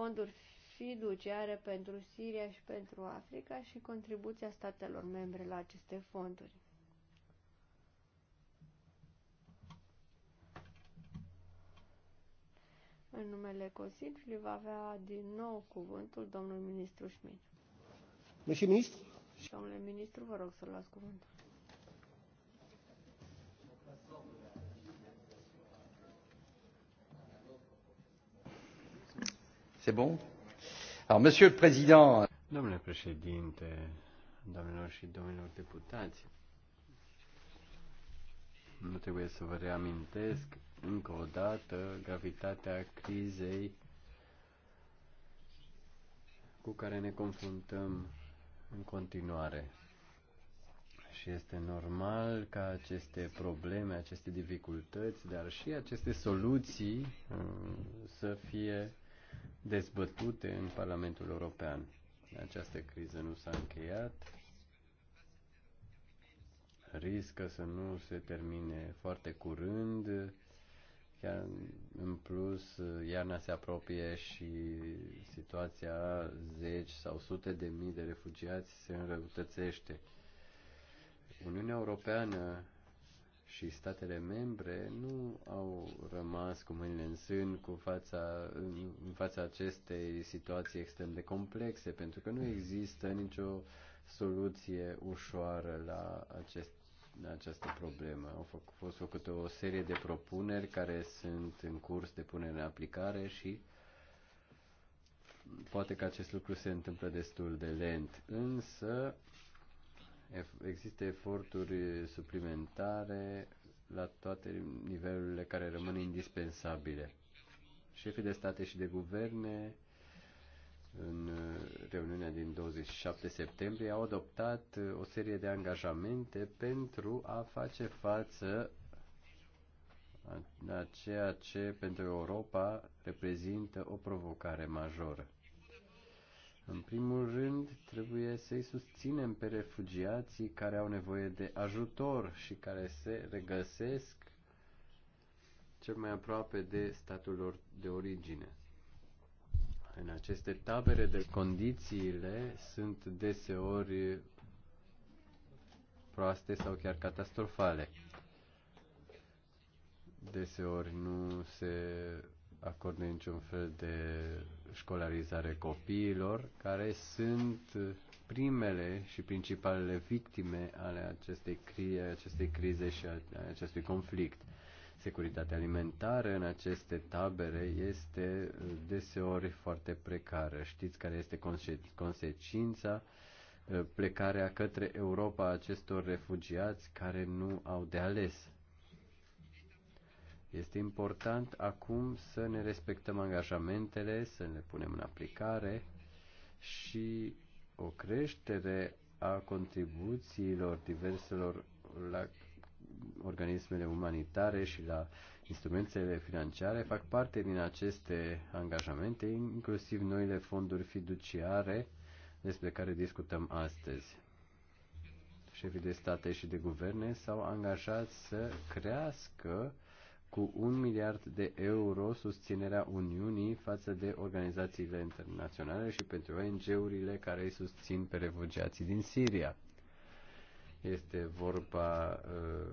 fonduri fiduciare pentru Siria și pentru Africa și contribuția statelor membre la aceste fonduri. În numele Consiliului va avea din nou cuvântul domnul ministru Schmidt. Domnule ministru, vă rog să luați cuvântul. Alors, Monsieur le Président. Domnule președinte, domnilor și domnilor deputați, nu trebuie să vă reamintesc încă o dată gravitatea crizei cu care ne confruntăm în continuare. Și este normal ca aceste probleme, aceste dificultăți, dar și aceste soluții uh, să fie dezbătute în Parlamentul European. Această criză nu s-a încheiat, riscă să nu se termine foarte curând, chiar în plus iarna se apropie și situația zeci sau sute de mii de refugiați se înrăutățește. Uniunea Europeană și statele membre nu au rămas cu mâinile în sân cu fața, în fața acestei situații extrem de complexe, pentru că nu există nicio soluție ușoară la, acest, la această problemă. Au făc, fost făcute o serie de propuneri care sunt în curs de punere în aplicare și poate că acest lucru se întâmplă destul de lent, însă există eforturi suplimentare la toate nivelurile care rămân indispensabile. Șefii de state și de guverne în reuniunea din 27 septembrie au adoptat o serie de angajamente pentru a face față a ceea ce pentru Europa reprezintă o provocare majoră. În primul rând, trebuie să-i susținem pe refugiații care au nevoie de ajutor și care se regăsesc cel mai aproape de statul lor de origine. În aceste tabere de condițiile sunt deseori proaste sau chiar catastrofale. Deseori nu se acordă niciun fel de școlarizare copiilor, care sunt primele și principalele victime ale acestei, cri- acestei crize și a acestui conflict. Securitatea alimentară în aceste tabere este deseori foarte precară. Știți care este conse- consecința? Plecarea către Europa acestor refugiați care nu au de ales este important acum să ne respectăm angajamentele, să le punem în aplicare și o creștere a contribuțiilor diverselor la organismele umanitare și la instrumentele financiare fac parte din aceste angajamente, inclusiv noile fonduri fiduciare despre care discutăm astăzi. Șefii de state și de guverne s-au angajat să crească cu un miliard de euro susținerea Uniunii față de organizațiile internaționale și pentru ONG-urile care îi susțin pe refugiații din Siria. Este vorba uh,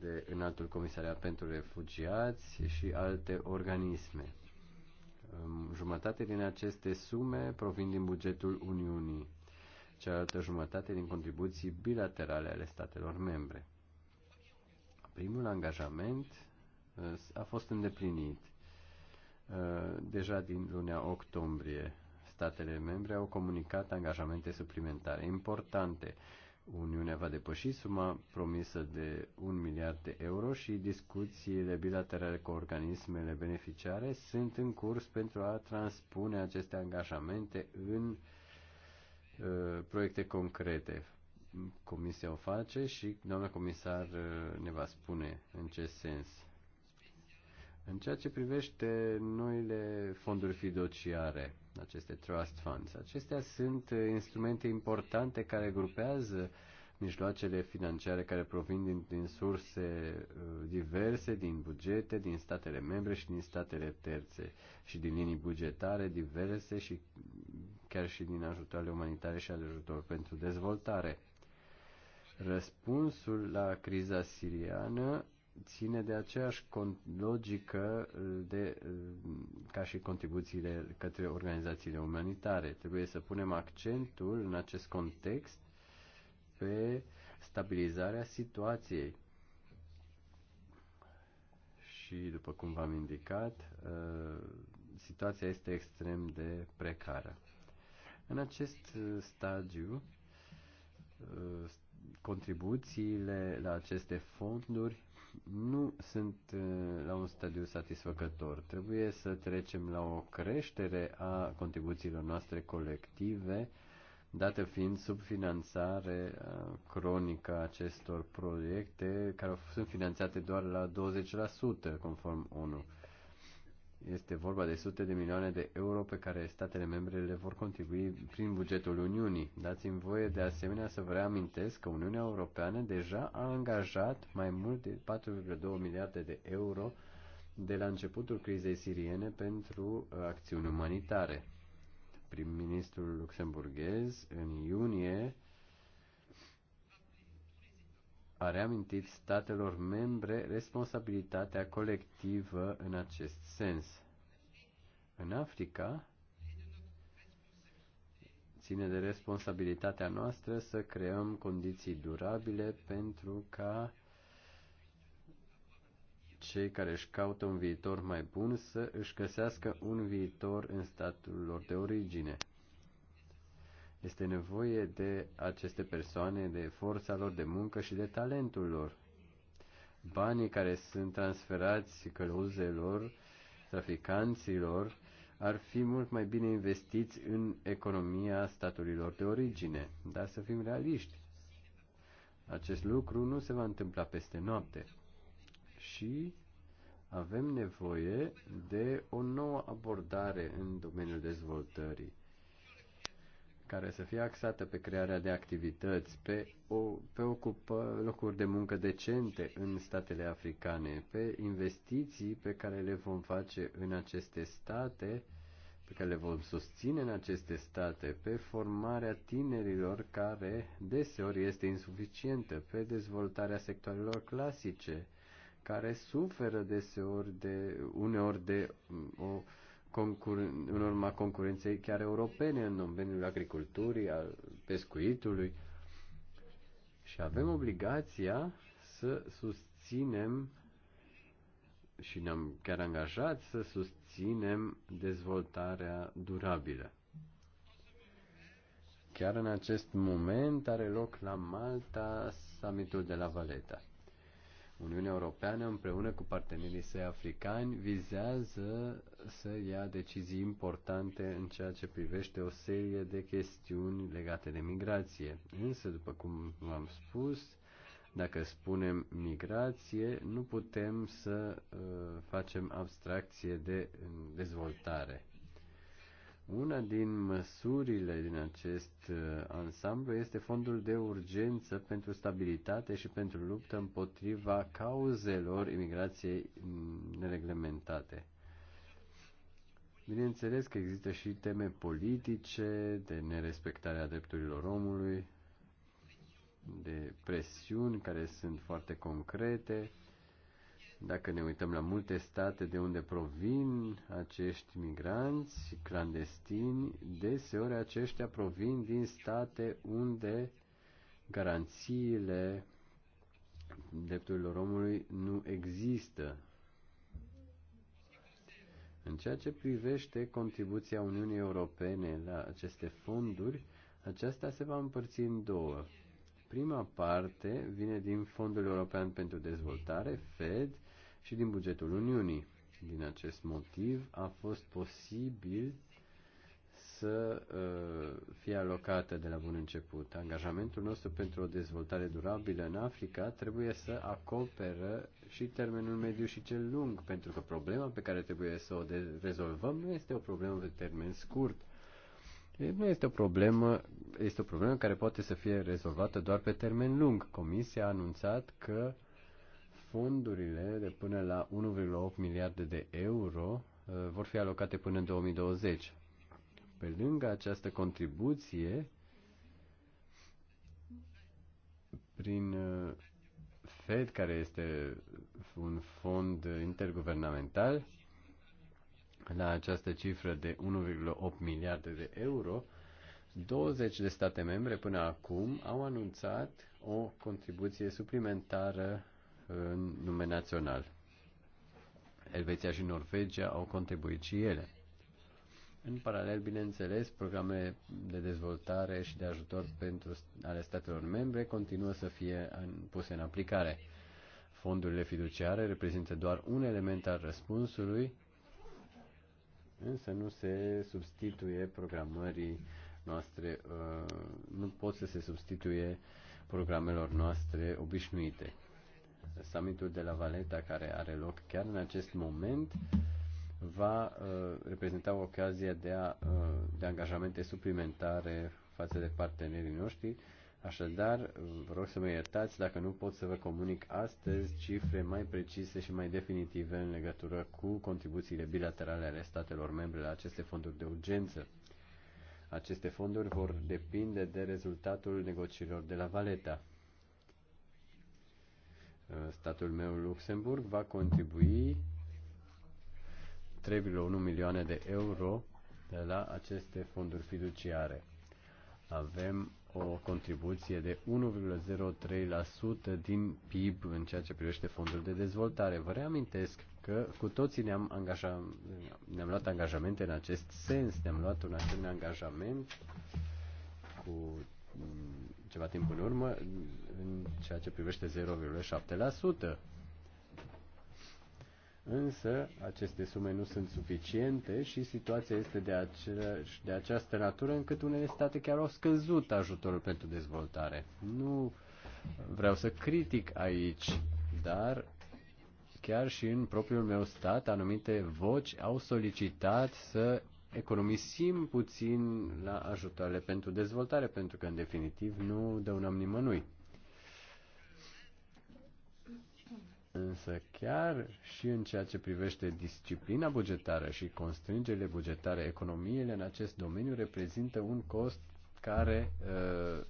de Înaltul Comisariat pentru Refugiați și alte organisme. Um, jumătate din aceste sume provin din bugetul Uniunii, cealaltă jumătate din contribuții bilaterale ale statelor membre. Primul angajament a fost îndeplinit. Uh, deja din luna octombrie, statele membre au comunicat angajamente suplimentare importante. Uniunea va depăși suma promisă de 1 miliard de euro și discuțiile bilaterale cu organismele beneficiare sunt în curs pentru a transpune aceste angajamente în uh, proiecte concrete. Comisia o face și doamna comisar uh, ne va spune în ce sens. În ceea ce privește noile fonduri fiduciare, aceste trust funds, acestea sunt instrumente importante care grupează mijloacele financiare care provin din, din surse uh, diverse, din bugete, din statele membre și din statele terțe și din linii bugetare diverse și chiar și din ajutoarele umanitare și ajutor pentru dezvoltare. Răspunsul la criza siriană ține de aceeași logică uh, de, uh, ca și contribuțiile către organizațiile umanitare. Trebuie să punem accentul în acest context pe stabilizarea situației. Și, după cum v-am indicat, uh, situația este extrem de precară. În acest stadiu, contribuțiile la aceste fonduri nu sunt la un stadiu satisfăcător. Trebuie să trecem la o creștere a contribuțiilor noastre colective, dată fiind subfinanțare cronică a acestor proiecte, care sunt finanțate doar la 20% conform ONU. Este vorba de sute de milioane de euro pe care statele membre le vor contribui prin bugetul Uniunii. Dați-mi voie de asemenea să vă reamintesc că Uniunea Europeană deja a angajat mai mult de 4,2 miliarde de euro de la începutul crizei siriene pentru uh, acțiuni umanitare. Prim-ministrul luxemburghez în iunie a reamintit statelor membre responsabilitatea colectivă în acest sens. În Africa, ține de responsabilitatea noastră să creăm condiții durabile pentru ca cei care își caută un viitor mai bun să își găsească un viitor în statul lor de origine. Este nevoie de aceste persoane, de forța lor de muncă și de talentul lor. Banii care sunt transferați călăuzelor, traficanților, ar fi mult mai bine investiți în economia staturilor de origine. Dar să fim realiști. Acest lucru nu se va întâmpla peste noapte. Și avem nevoie de o nouă abordare în domeniul dezvoltării care să fie axată pe crearea de activități, pe, o, pe ocupă locuri de muncă decente în statele africane, pe investiții pe care le vom face în aceste state, pe care le vom susține în aceste state, pe formarea tinerilor care deseori este insuficientă, pe dezvoltarea sectoarelor clasice, care suferă deseori de, uneori de o concur- în urma concurenței chiar europene în domeniul agriculturii, al pescuitului. Și avem obligația să susținem și ne-am chiar angajat să susținem dezvoltarea durabilă. Chiar în acest moment are loc la Malta summitul de la Valeta. Uniunea Europeană împreună cu partenerii săi africani vizează să ia decizii importante în ceea ce privește o serie de chestiuni legate de migrație. Însă, după cum v-am spus, dacă spunem migrație, nu putem să uh, facem abstracție de dezvoltare. Una din măsurile din acest uh, ansamblu este fondul de urgență pentru stabilitate și pentru luptă împotriva cauzelor imigrației mm, nereglementate. Bineînțeles că există și teme politice, de nerespectarea drepturilor omului, de presiuni care sunt foarte concrete dacă ne uităm la multe state de unde provin acești migranți clandestini, deseori aceștia provin din state unde garanțiile drepturilor omului nu există. În ceea ce privește contribuția Uniunii Europene la aceste fonduri, aceasta se va împărți în două. Prima parte vine din Fondul European pentru Dezvoltare, FED, și din bugetul Uniunii. Din acest motiv a fost posibil să uh, fie alocată de la bun început. Angajamentul nostru pentru o dezvoltare durabilă în Africa trebuie să acoperă și termenul mediu și cel lung, pentru că problema pe care trebuie să o rezolvăm nu este o problemă pe termen scurt. Nu este o problemă, este o problemă care poate să fie rezolvată doar pe termen lung. Comisia a anunțat că uh, fondurile de până la 1,8 miliarde de euro uh, vor fi alocate până în 2020. Pe lângă această contribuție, prin uh, FED, care este un fond interguvernamental, la această cifră de 1,8 miliarde de euro, 20 de state membre până acum au anunțat o contribuție suplimentară în nume național. Elveția și Norvegia au contribuit și ele. În paralel, bineînțeles, programele de dezvoltare și de ajutor pentru ale statelor membre continuă să fie în, puse în aplicare. Fondurile fiduciare reprezintă doar un element al răspunsului, însă nu se substituie programării noastre, uh, nu pot să se substituie programelor noastre obișnuite summitul de la Valeta, care are loc chiar în acest moment, va uh, reprezenta o ocazie de, a, uh, de angajamente suplimentare față de partenerii noștri. Așadar, vă rog să mă iertați dacă nu pot să vă comunic astăzi cifre mai precise și mai definitive în legătură cu contribuțiile bilaterale ale statelor membre la aceste fonduri de urgență. Aceste fonduri vor depinde de rezultatul negocierilor de la Valeta. Statul meu, Luxemburg, va contribui 3,1 milioane de euro de la aceste fonduri fiduciare. Avem o contribuție de 1,03% din PIB în ceea ce privește fondul de dezvoltare. Vă reamintesc că cu toții ne-am, angaja, ne-am luat angajamente în acest sens, ne-am luat un asemenea angajament cu ceva timp în urmă în ceea ce privește 0,7%. Însă aceste sume nu sunt suficiente și situația este de, aceeași, de această natură încât unele state chiar au scăzut ajutorul pentru dezvoltare. Nu vreau să critic aici, dar chiar și în propriul meu stat anumite voci au solicitat să economisim puțin la ajutoarele pentru dezvoltare, pentru că, în definitiv, nu dăunăm nimănui. Însă chiar și în ceea ce privește disciplina bugetară și constrângerile bugetare, economiile în acest domeniu reprezintă un cost care uh,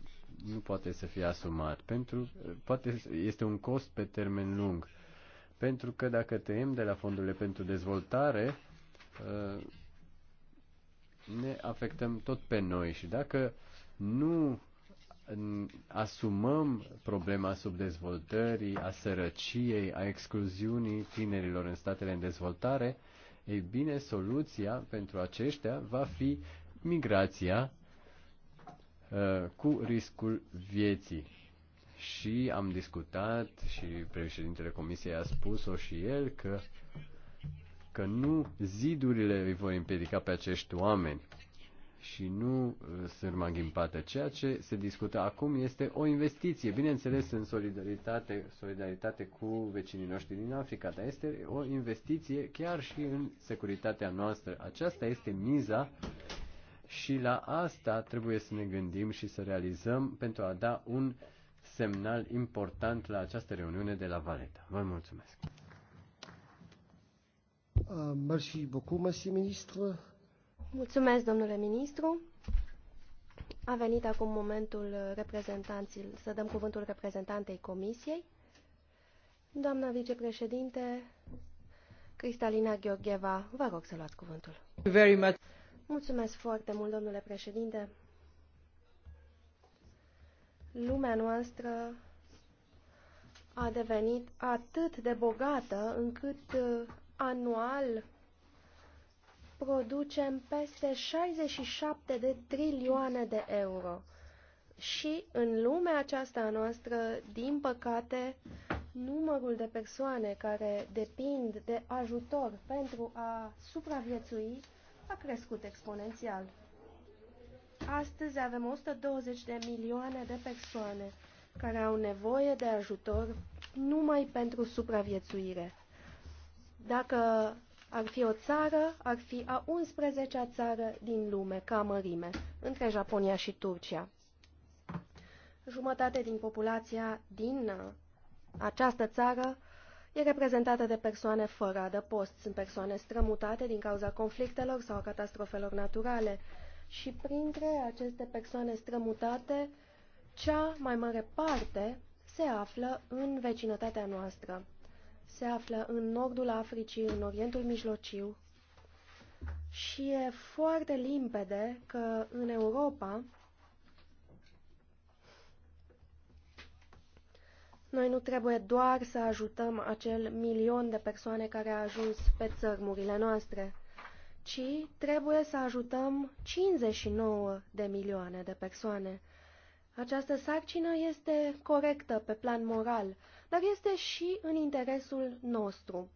nu poate să fie asumat. Pentru, uh, poate este un cost pe termen lung. Pentru că dacă tăiem de la fondurile pentru dezvoltare, uh, ne afectăm tot pe noi și dacă nu asumăm problema subdezvoltării, a sărăciei, a excluziunii tinerilor în statele în dezvoltare, ei bine, soluția pentru aceștia va fi migrația uh, cu riscul vieții. Și am discutat și președintele Comisiei a spus-o și el că că nu zidurile îi vor împiedica pe acești oameni și nu uh, sârma ghimpată. Ceea ce se discută acum este o investiție, bineînțeles în solidaritate, solidaritate cu vecinii noștri din Africa, dar este o investiție chiar și în securitatea noastră. Aceasta este miza și la asta trebuie să ne gândim și să realizăm pentru a da un semnal important la această reuniune de la Valeta. Vă mulțumesc! Merci beaucoup, monsieur ministre. Mulțumesc, domnule ministru. A venit acum momentul reprezentanților, să dăm cuvântul reprezentantei comisiei. Doamna vicepreședinte Cristalina Gheorgheva, vă rog să luați cuvântul. Very much. Mulțumesc foarte mult, domnule președinte. Lumea noastră a devenit atât de bogată încât anual producem peste 67 de trilioane de euro. Și în lumea aceasta noastră, din păcate, numărul de persoane care depind de ajutor pentru a supraviețui a crescut exponențial. Astăzi avem 120 de milioane de persoane care au nevoie de ajutor numai pentru supraviețuire. Dacă ar fi o țară, ar fi a 11-a țară din lume, ca mărime, între Japonia și Turcia. Jumătate din populația din această țară e reprezentată de persoane fără adăpost. Sunt persoane strămutate din cauza conflictelor sau a catastrofelor naturale. Și printre aceste persoane strămutate, cea mai mare parte se află în vecinătatea noastră se află în nordul Africii, în Orientul Mijlociu și e foarte limpede că în Europa noi nu trebuie doar să ajutăm acel milion de persoane care a ajuns pe țărmurile noastre, ci trebuie să ajutăm 59 de milioane de persoane. Această sarcină este corectă pe plan moral, dar este și în interesul nostru.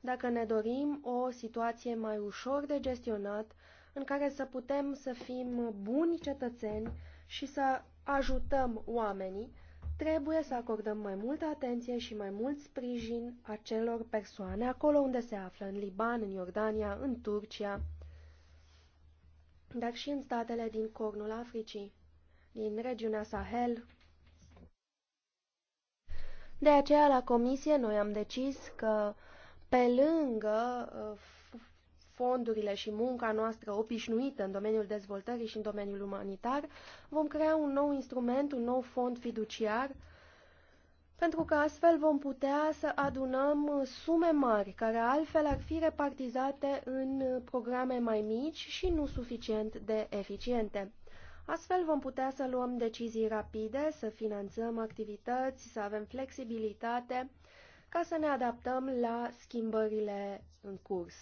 Dacă ne dorim o situație mai ușor de gestionat, în care să putem să fim buni cetățeni și să ajutăm oamenii, trebuie să acordăm mai multă atenție și mai mult sprijin acelor persoane acolo unde se află, în Liban, în Iordania, în Turcia, dar și în statele din cornul Africii, din regiunea Sahel, de aceea, la comisie, noi am decis că, pe lângă uh, fondurile și munca noastră obișnuită în domeniul dezvoltării și în domeniul umanitar, vom crea un nou instrument, un nou fond fiduciar, pentru că astfel vom putea să adunăm sume mari, care altfel ar fi repartizate în programe mai mici și nu suficient de eficiente. Astfel vom putea să luăm decizii rapide, să finanțăm activități, să avem flexibilitate ca să ne adaptăm la schimbările în curs.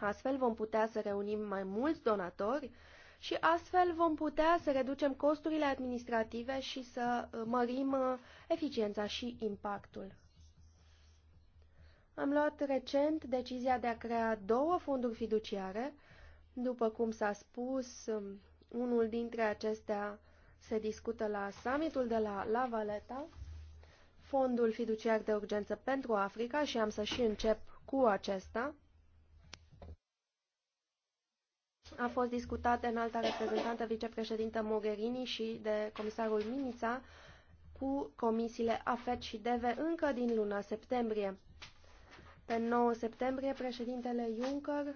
Astfel vom putea să reunim mai mulți donatori și astfel vom putea să reducem costurile administrative și să mărim uh, eficiența și impactul. Am luat recent decizia de a crea două fonduri fiduciare, după cum s-a spus, um, unul dintre acestea se discută la summitul de la La Valeta, Fondul Fiduciar de Urgență pentru Africa și am să și încep cu acesta. A fost discutat în alta reprezentantă vicepreședintă Mogherini și de comisarul Mimița cu comisiile AFET și DEVE încă din luna septembrie. Pe 9 septembrie, președintele Juncker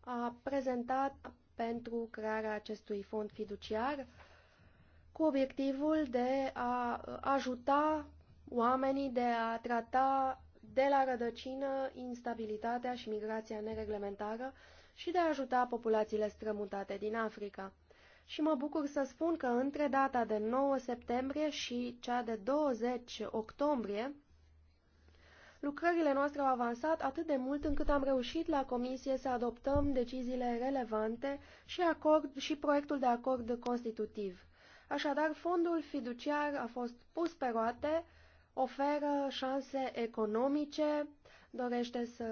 a prezentat pentru crearea acestui fond fiduciar cu obiectivul de a ajuta oamenii de a trata de la rădăcină instabilitatea și migrația nereglementară și de a ajuta populațiile strămutate din Africa. Și mă bucur să spun că între data de 9 septembrie și cea de 20 octombrie Lucrările noastre au avansat atât de mult încât am reușit la comisie să adoptăm deciziile relevante și, acord, și proiectul de acord constitutiv. Așadar, fondul fiduciar a fost pus pe roate, oferă șanse economice, dorește să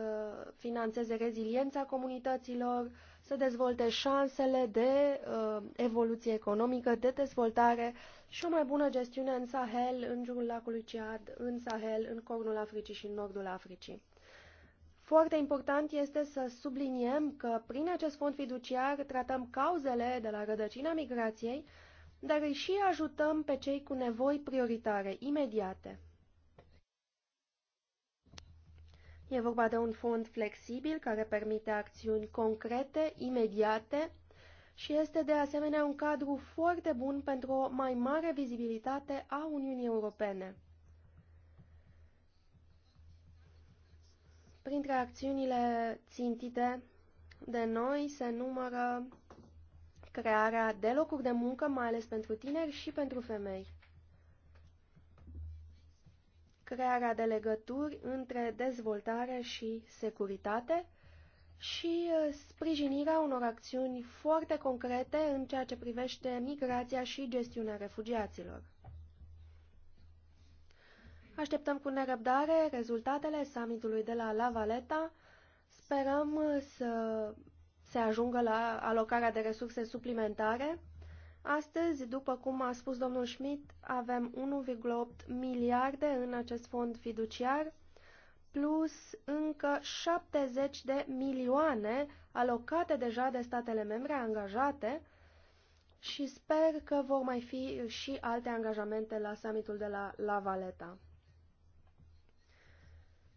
financeze reziliența comunităților, să dezvolte șansele de uh, evoluție economică, de dezvoltare și o mai bună gestiune în Sahel, în jurul lacului Ciad, în Sahel, în cornul Africii și în nordul Africii. Foarte important este să subliniem că prin acest fond fiduciar tratăm cauzele de la rădăcina migrației, dar îi și ajutăm pe cei cu nevoi prioritare, imediate. E vorba de un fond flexibil care permite acțiuni concrete, imediate și este de asemenea un cadru foarte bun pentru o mai mare vizibilitate a Uniunii Europene. Printre acțiunile țintite de noi se numără crearea de locuri de muncă, mai ales pentru tineri și pentru femei crearea de legături între dezvoltare și securitate și uh, sprijinirea unor acțiuni foarte concrete în ceea ce privește migrația și gestiunea refugiaților. Așteptăm cu nerăbdare rezultatele summitului de la La Valeta. Sperăm uh, să se ajungă la alocarea de resurse suplimentare Astăzi, după cum a spus domnul Schmidt, avem 1,8 miliarde în acest fond fiduciar, plus încă 70 de milioane alocate deja de statele membre angajate și sper că vor mai fi și alte angajamente la summitul de la La Valeta.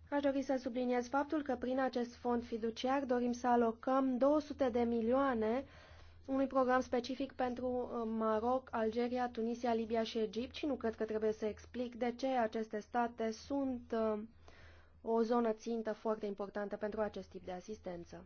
Aș dori să subliniez faptul că prin acest fond fiduciar dorim să alocăm 200 de milioane unui program specific pentru uh, Maroc, Algeria, Tunisia, Libia și Egipt și nu cred că trebuie să explic de ce aceste state sunt uh, o zonă țintă foarte importantă pentru acest tip de asistență.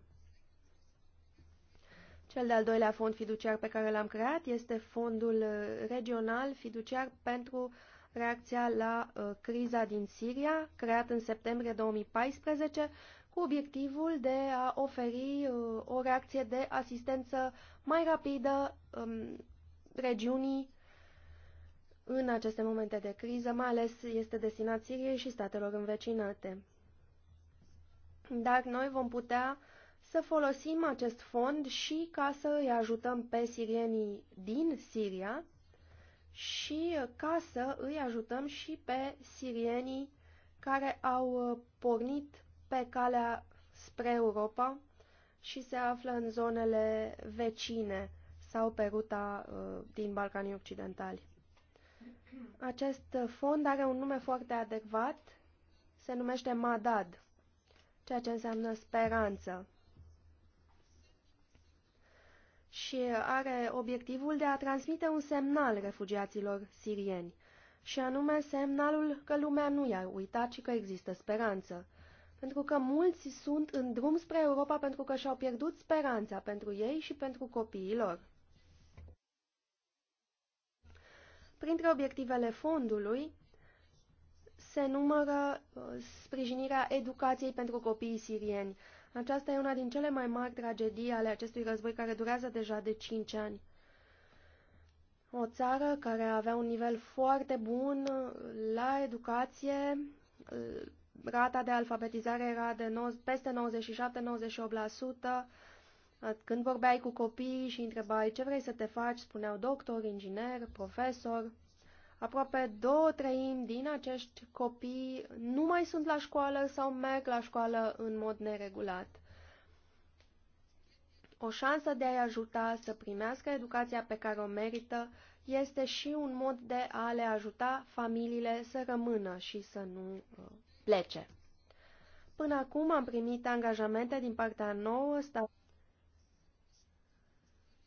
Cel de-al doilea fond fiduciar pe care l-am creat este fondul uh, regional fiduciar pentru reacția la uh, criza din Siria, creat în septembrie 2014 cu obiectivul de a oferi uh, o reacție de asistență mai rapidă um, regiunii în aceste momente de criză, mai ales este destinat Siriei și statelor învecinate. Dar noi vom putea să folosim acest fond și ca să îi ajutăm pe sirienii din Siria și ca să îi ajutăm și pe sirienii care au uh, pornit pe calea spre Europa și se află în zonele vecine sau pe ruta uh, din Balcanii Occidentali. Acest fond are un nume foarte adecvat, se numește MADAD, ceea ce înseamnă speranță. Și are obiectivul de a transmite un semnal refugiaților sirieni, și anume semnalul că lumea nu i-a uitat și că există speranță pentru că mulți sunt în drum spre Europa pentru că și-au pierdut speranța pentru ei și pentru copiilor. Printre obiectivele fondului se numără uh, sprijinirea educației pentru copiii sirieni. Aceasta e una din cele mai mari tragedii ale acestui război care durează deja de 5 ani. O țară care avea un nivel foarte bun uh, la educație, uh, rata de alfabetizare era de no peste 97-98%. Când vorbeai cu copiii și întrebai ce vrei să te faci, spuneau doctor, inginer, profesor. Aproape două treimi din acești copii nu mai sunt la școală sau merg la școală în mod neregulat. O șansă de a-i ajuta să primească educația pe care o merită este și un mod de a le ajuta familiile să rămână și să nu uh, plece. Până acum am primit angajamente din partea nouă, sta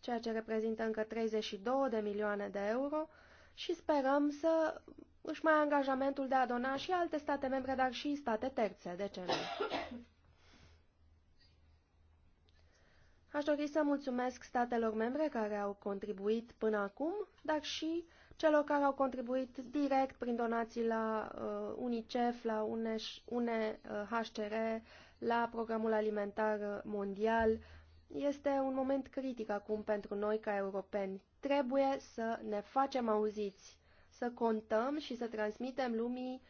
ceea ce reprezintă încă 32 de milioane de euro și sperăm să își mai angajamentul de a dona și alte state membre, dar și state terțe, de ce nu? Aș dori să mulțumesc statelor membre care au contribuit până acum, dar și celor care au contribuit direct prin donații la uh, UNICEF, la UNHCR, la Programul Alimentar Mondial. Este un moment critic acum pentru noi ca europeni. Trebuie să ne facem auziți, să contăm și să transmitem lumii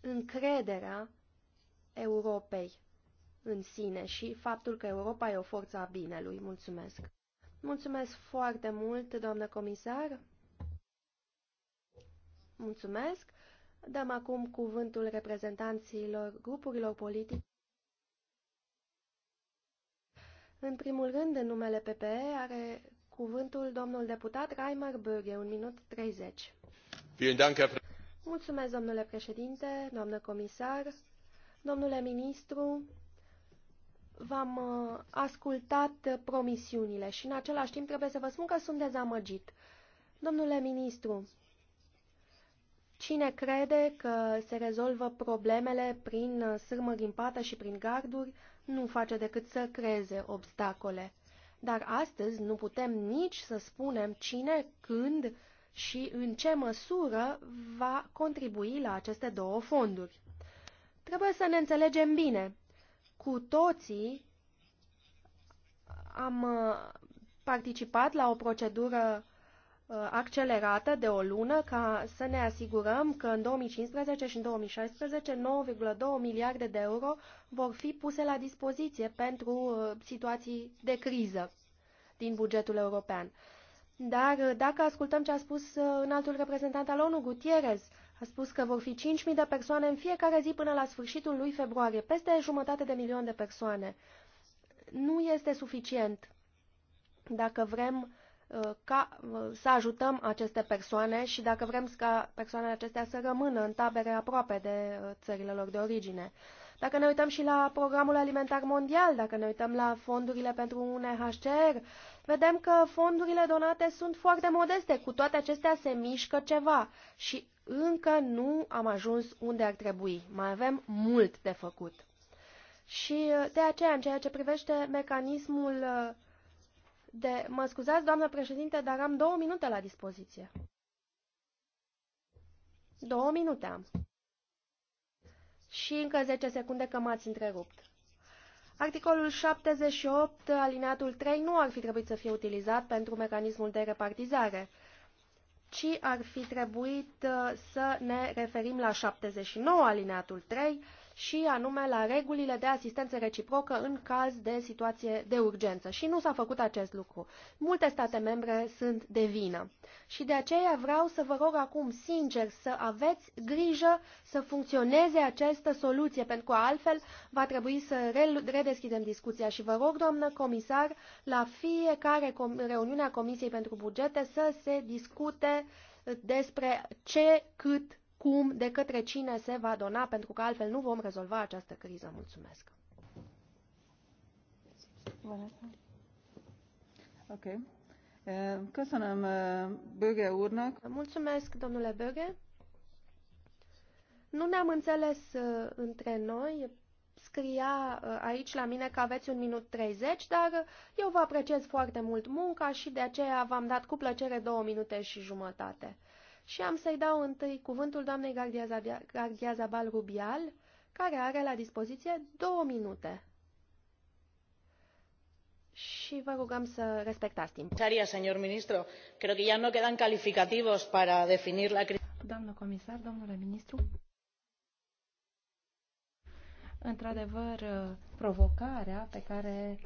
încrederea Europei în sine și faptul că Europa e o forță a binelui. Mulțumesc! Mulțumesc foarte mult, doamnă comisar! Mulțumesc. Dăm acum cuvântul reprezentanților grupurilor politice. În primul rând, în numele PPE, are cuvântul domnul deputat Reimer Böge, un minut 30. Mulțumesc, domnule președinte, doamnă comisar, domnule ministru. V-am uh, ascultat promisiunile și în același timp trebuie să vă spun că sunt dezamăgit. Domnule ministru, Cine crede că se rezolvă problemele prin sârmă ghimpată și prin garduri, nu face decât să creeze obstacole. Dar astăzi nu putem nici să spunem cine, când și în ce măsură va contribui la aceste două fonduri. Trebuie să ne înțelegem bine. Cu toții am uh, participat la o procedură Uh, accelerată de o lună ca să ne asigurăm că în 2015 și în 2016 9,2 miliarde de euro vor fi puse la dispoziție pentru uh, situații de criză din bugetul european. Dar uh, dacă ascultăm ce a spus în altul reprezentant al ONU, Gutierrez, a spus că vor fi 5.000 de persoane în fiecare zi până la sfârșitul lui februarie, peste jumătate de milion de persoane. Nu este suficient dacă vrem uh, Uh, ca uh, să ajutăm aceste persoane și dacă vrem ca persoanele acestea să rămână în tabere aproape de uh, țările lor de origine. Dacă ne uităm și la Programul Alimentar Mondial, dacă ne uităm la fondurile pentru UNHCR, vedem că fondurile donate sunt foarte modeste, cu toate acestea se mișcă ceva și încă nu am ajuns unde ar trebui. Mai avem mult de făcut. Și de aceea, în ceea ce privește mecanismul uh, de... Mă scuzați, doamnă președinte, dar am două minute la dispoziție. Două minute am. Și încă 10 secunde că m-ați întrerupt. Articolul 78, alineatul 3, nu ar fi trebuit să fie utilizat pentru mecanismul de repartizare, ci ar fi trebuit uh, să ne referim la 79, alineatul 3, și anume la regulile de asistență reciprocă în caz de situație de urgență. Și nu s-a făcut acest lucru. Multe state membre sunt de vină. Și de aceea vreau să vă rog acum, sincer, să aveți grijă să funcționeze această soluție, pentru că altfel va trebui să redeschidem discuția. Și vă rog, doamnă comisar, la fiecare reuniune a Comisiei pentru Bugete să se discute despre ce, cât cum, de către cine se va dona, pentru că altfel nu vom rezolva această criză. Mulțumesc! Ok. Eh, Köszönöm eh, Böge úrnak. Mulțumesc, domnule Böge. Nu ne-am înțeles eh, între noi. Scria aici la mine că aveți un minut 30, dar eu vă apreciez foarte mult munca și de aceea v-am dat cu plăcere două minute și jumătate și am să-i dau întâi cuvântul doamnei Gardiazabal Rubial, care are la dispoziție două minute. Și vă rugăm să respectați timpul. Saria, señor ministro, creo que ya no quedan calificativos para definir la crisis. Doamnă comisar, domnule ministru, într-adevăr, provocarea pe care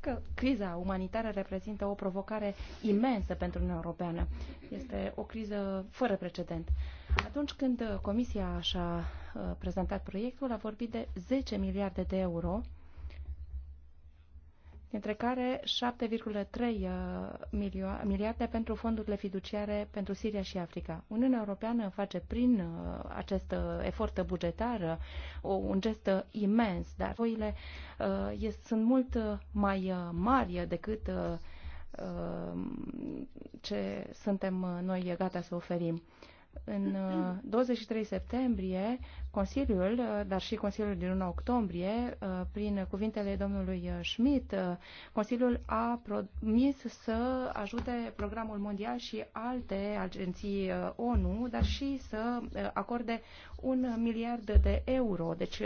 că criza umanitară reprezintă o provocare imensă pentru Uniunea Europeană. Este o criză fără precedent. Atunci când Comisia așa uh, prezentat proiectul, a vorbit de 10 miliarde de euro dintre care 7,3 uh, miliarde pentru fondurile fiduciare pentru Siria și Africa. Uniunea Europeană face prin uh, acest uh, efort bugetar un gest imens, dar voile sunt mult mai mari decât um, ce suntem noi gata să oferim. În 23 septembrie, Consiliul, uh, dar și Consiliul din 1 octombrie, uh, prin cuvintele domnului uh, Schmidt, Consiliul a promis să ajute programul mondial și alte agenții ONU, dar și să acorde un miliard de euro. Deci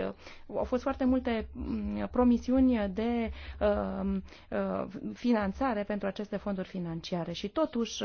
au fost foarte multe mm, promisiuni de finanțare pentru aceste fonduri financiare și totuși,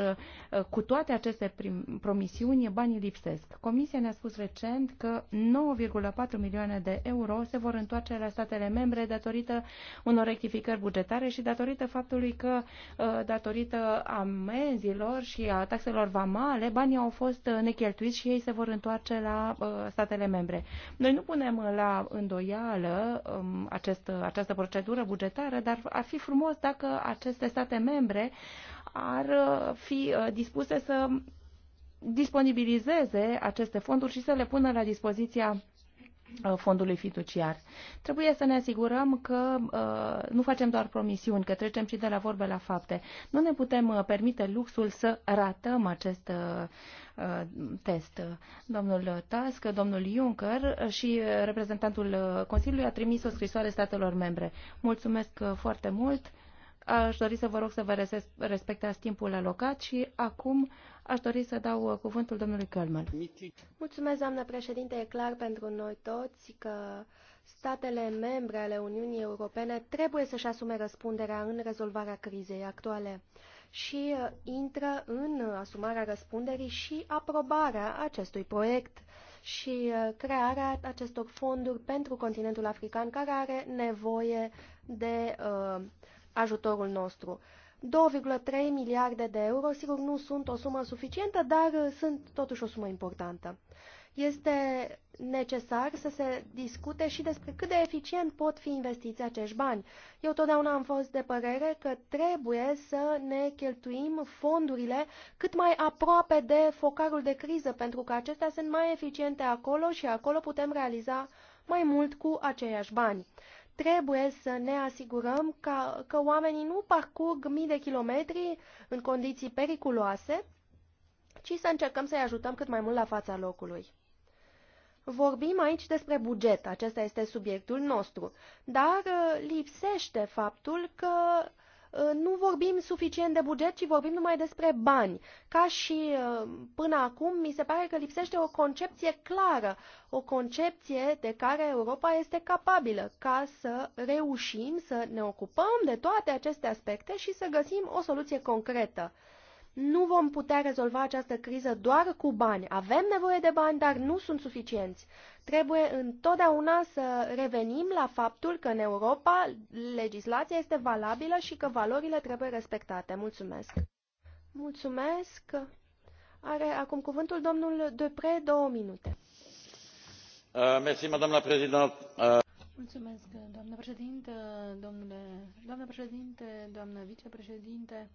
cu toate aceste promisiuni, banii lipsesc. Comisia ne-a spus recent că 9,4 milioane de euro se vor întoarce la statele membre datorită unor rectificări bugetare și datorită faptului că, uh, datorită amenzilor și a taxelor vamale, banii au fost uh, necheltuiți și ei se vor întoarce la uh, statele membre. Noi nu punem la îndoială um, acest, această procedură bugetară, dar ar fi frumos dacă aceste state membre ar fi dispuse să disponibilizeze aceste fonduri și să le pună la dispoziția uh, fondului fiduciar. Trebuie să ne asigurăm că uh, nu facem doar promisiuni, că trecem și de la vorbe la fapte. Nu ne putem uh, permite luxul să ratăm acest uh, uh test. Domnul Tusk, domnul Juncker și reprezentantul uh, Consiliului a trimis o scrisoare statelor membre. Mulțumesc foarte mult. Aș dori să vă rog să vă respectați timpul alocat și acum Aș dori să dau uh, cuvântul domnului Kölmel. Mulțumesc, doamnă președinte. E clar pentru noi toți că statele membre ale Uniunii Europene trebuie să-și asume răspunderea în rezolvarea crizei actuale și uh, intră în asumarea răspunderii și aprobarea acestui proiect și uh, crearea acestor fonduri pentru continentul african care are nevoie de uh, ajutorul nostru. Uh, 2,3 miliarde de euro, sigur nu sunt o sumă suficientă, dar uh, sunt totuși o sumă importantă. Este necesar să se discute și despre cât de eficient pot fi investiți acești bani. Eu totdeauna am fost de părere că trebuie să ne cheltuim fondurile cât mai aproape de focarul de criză, pentru că acestea sunt mai eficiente acolo și acolo putem realiza mai mult cu aceiași bani trebuie să ne asigurăm ca, că oamenii nu parcurg mii de kilometri în condiții periculoase, ci să încercăm să-i ajutăm cât mai mult la fața locului. Vorbim aici despre buget, acesta este subiectul nostru, dar uh, lipsește faptul că Uh, nu vorbim suficient de buget, ci vorbim numai despre bani. Ca și uh, până acum, mi se pare că lipsește o concepție clară, o concepție de care Europa este capabilă ca să reușim să ne ocupăm de toate aceste aspecte și să găsim o soluție concretă. Nu vom putea rezolva această criză doar cu bani. Avem nevoie de bani, dar nu sunt suficienți. Trebuie întotdeauna să revenim la faptul că în Europa legislația este valabilă și că valorile trebuie respectate. Mulțumesc! Mulțumesc! Are acum cuvântul domnul Depre, două minute. Uh, merci, doamna președintă. Uh... Mulțumesc, doamnă președinte, domnule, doamnă președinte, doamnă vicepreședinte.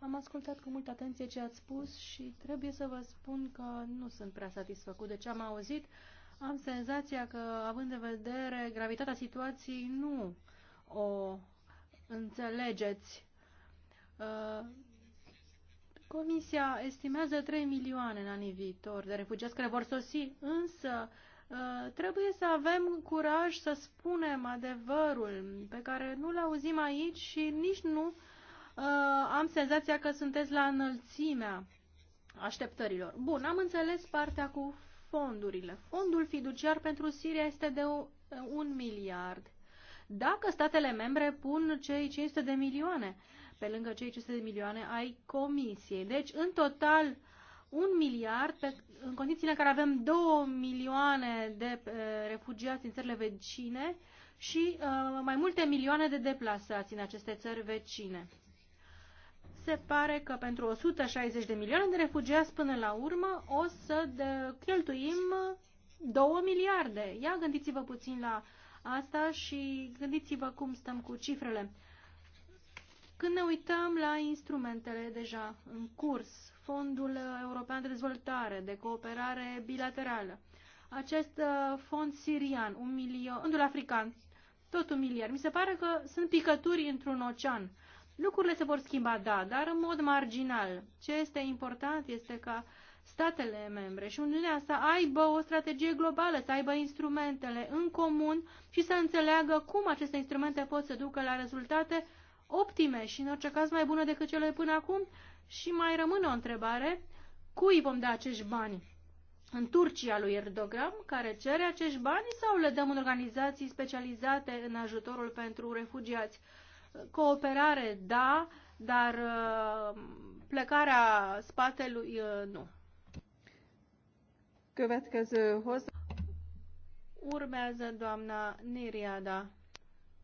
Am ascultat cu multă atenție ce ați spus și trebuie să vă spun că nu sunt prea satisfăcut de ce am auzit. Uh, am senzația că, având în vedere gravitatea situației, nu o înțelegeți. Uh, comisia estimează 3 milioane în anii viitor de refugiați care vor sosi, însă uh, trebuie să avem curaj să spunem adevărul pe care nu-l auzim aici și nici nu uh, am senzația că sunteți la înălțimea așteptărilor. Bun, am înțeles partea cu fondurile. Fondul fiduciar pentru Siria este de un miliard. Dacă statele membre pun cei 500 de milioane, pe lângă cei 500 de milioane ai comisiei. Deci, în total, un miliard, pe, în condițiile în care avem 2 milioane de uh, refugiați în țările vecine și uh, mai multe milioane de deplasați în aceste țări vecine se pare că pentru 160 de milioane de refugiați până la urmă o să de cheltuim 2 miliarde. Ia gândiți-vă puțin la asta și gândiți-vă cum stăm cu cifrele. Când ne uităm la instrumentele deja în curs, Fondul European de Dezvoltare, de Cooperare Bilaterală, acest uh, fond sirian, un milion, fondul african, tot un miliard, mi se pare că sunt picături într-un ocean Lucrurile se vor schimba, da, dar în mod marginal. Ce este important este ca statele membre și Uniunea să aibă o strategie globală, să aibă instrumentele în comun și să înțeleagă cum aceste instrumente pot să ducă la rezultate optime și, în orice caz, mai bune decât cele până acum. Și mai rămâne o întrebare. Cui vom da acești bani? În Turcia lui Erdogan, care cere acești bani sau le dăm în organizații specializate în ajutorul pentru refugiați? Cooperare, da, dar uh, plecarea spatelui, uh, nu. Urmează doamna Niriada.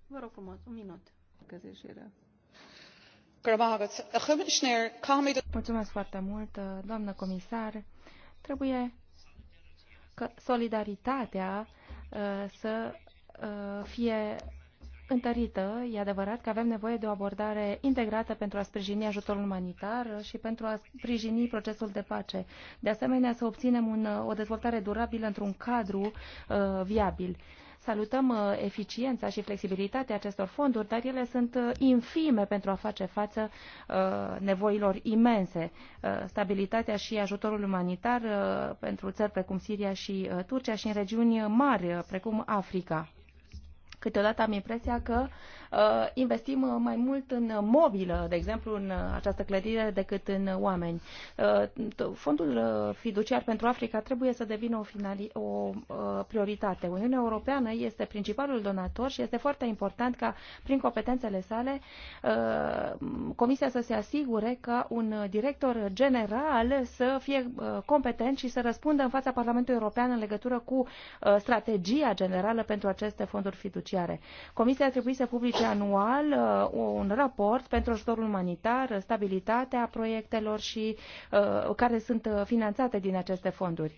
Vă rog frumos, un minut. Mulțumesc foarte mult, uh, doamnă comisar. Trebuie ca solidaritatea să fie întărită. E adevărat că avem nevoie de o abordare integrată pentru a sprijini ajutorul umanitar și pentru a sprijini procesul de pace. De asemenea, să obținem un, o dezvoltare durabilă într-un cadru uh, viabil. Salutăm uh, eficiența și flexibilitatea acestor fonduri, dar ele sunt uh, infime pentru a face față uh, nevoilor imense. Stabilitatea și ajutorul umanitar pentru țări precum Siria și Turcia și în regiuni mari precum Africa. Câteodată am impresia că Uh, investim uh, mai mult în mobilă, de exemplu, în uh, această clădire, decât în oameni. Fondul fiduciar pentru Africa trebuie să devină o, finali, o prioritate. Uniunea Europeană este principalul donator și este foarte important ca, prin competențele sale, Comisia să se asigure că un director general să fie competent și să răspundă în fața Parlamentului European în legătură cu strategia generală pentru aceste fonduri fiduciare. Comisia ar trebui să publice face anual uh, un raport pentru ajutorul umanitar, stabilitatea proiectelor și uh, care sunt uh, finanțate din aceste fonduri.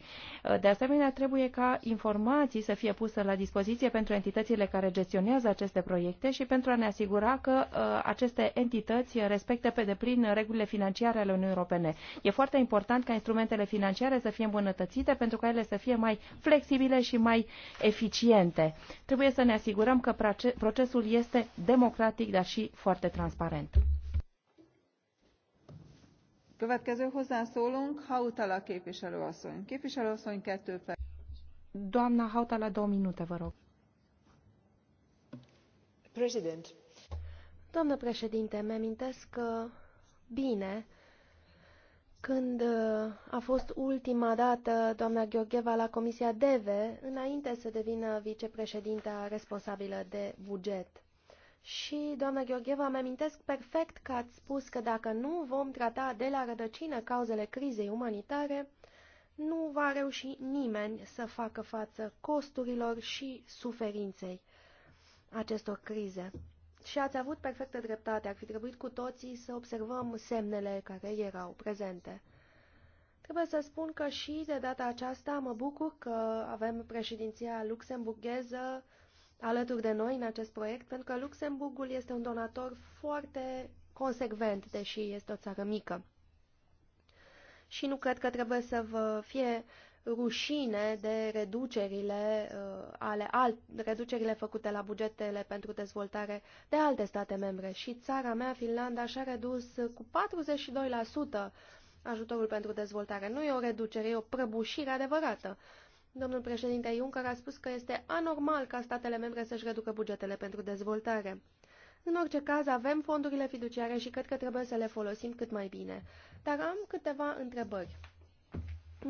De asemenea, trebuie ca informații să fie pusă la dispoziție pentru entitățile care gestionează aceste proiecte și pentru a ne asigura că aceste entități respectă pe deplin regulile financiare ale Uniunii Europene. E foarte important ca instrumentele financiare să fie îmbunătățite pentru ca ele să fie mai flexibile și mai eficiente. Trebuie să ne asigurăm că procesul este democratic, dar și foarte transparent. Következő hozzászólunk, Hautala képviselőasszony. Képviselőasszony, kettő perc. Doamna Hautala, două minute, vă rog. President. Doamnă președinte, mi-amintesc că bine când uh, a fost ultima dată doamna Gheorgheva la Comisia DEVE, înainte să devină vicepreședinta responsabilă de buget. Și, doamnă Gheorgheva, îmi amintesc perfect că ați spus că dacă nu vom trata de la rădăcină cauzele crizei umanitare, nu va reuși nimeni să facă față costurilor și suferinței acestor crize. Și ați avut perfectă dreptate, ar fi trebuit cu toții să observăm semnele care erau prezente. Trebuie să spun că și de data aceasta mă bucur că avem președinția luxemburgheză alături de noi în acest proiect, pentru că Luxemburgul este un donator foarte consecvent, deși este o țară mică. Și nu cred că trebuie să vă fie rușine de reducerile, uh, ale alt, reducerile făcute la bugetele pentru dezvoltare de alte state membre. Și țara mea, Finlanda, și-a redus cu 42% ajutorul pentru dezvoltare. Nu e o reducere, e o prăbușire adevărată. Domnul președinte Juncker a spus că este anormal ca statele membre să-și reducă bugetele pentru dezvoltare. În orice caz, avem fondurile fiduciare și cred că trebuie să le folosim cât mai bine. Dar am câteva întrebări.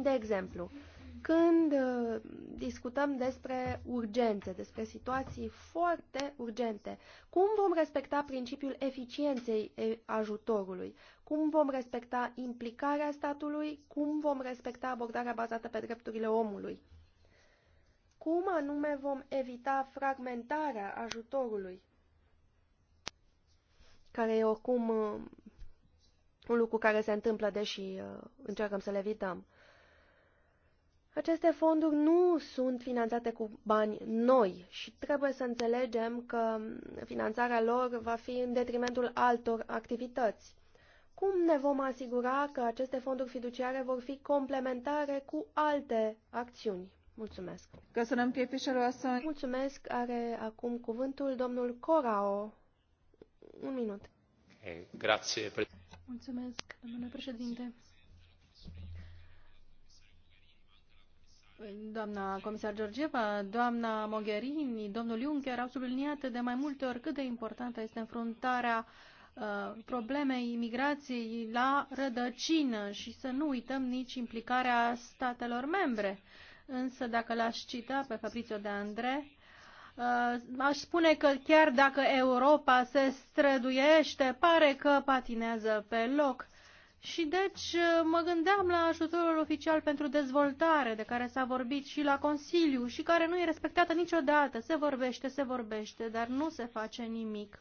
De exemplu, când uh, discutăm despre urgențe, despre situații foarte urgente, cum vom respecta principiul eficienței ajutorului? cum vom respecta implicarea statului, cum vom respecta abordarea bazată pe drepturile omului. Cum anume vom evita fragmentarea ajutorului, care e oricum uh, un lucru care se întâmplă, deși uh, încercăm să le evităm. Aceste fonduri nu sunt finanțate cu bani noi și trebuie să înțelegem că finanțarea lor va fi în detrimentul altor activități. Cum ne vom asigura că aceste fonduri fiduciare vor fi complementare cu alte acțiuni? Mulțumesc. Căsănăm chefișelor Mulțumesc. Are acum cuvântul domnul Corao. Un minut. Eh, Mulțumesc, domnule președinte. Doamna comisar Georgieva, doamna Mogherini, domnul Juncker au subliniat de mai multe ori cât de importantă este înfruntarea uh, Uh, problemei imigrației la rădăcină și să nu uităm nici implicarea statelor membre. Însă, dacă l-aș cita pe Fabrizio de Andre, uh, aș spune că chiar dacă Europa se străduiește, pare că patinează pe loc. Și deci uh, mă gândeam la ajutorul oficial pentru dezvoltare, de care s-a vorbit și la Consiliu și care nu e respectată niciodată. Se vorbește, se vorbește, dar nu se face nimic.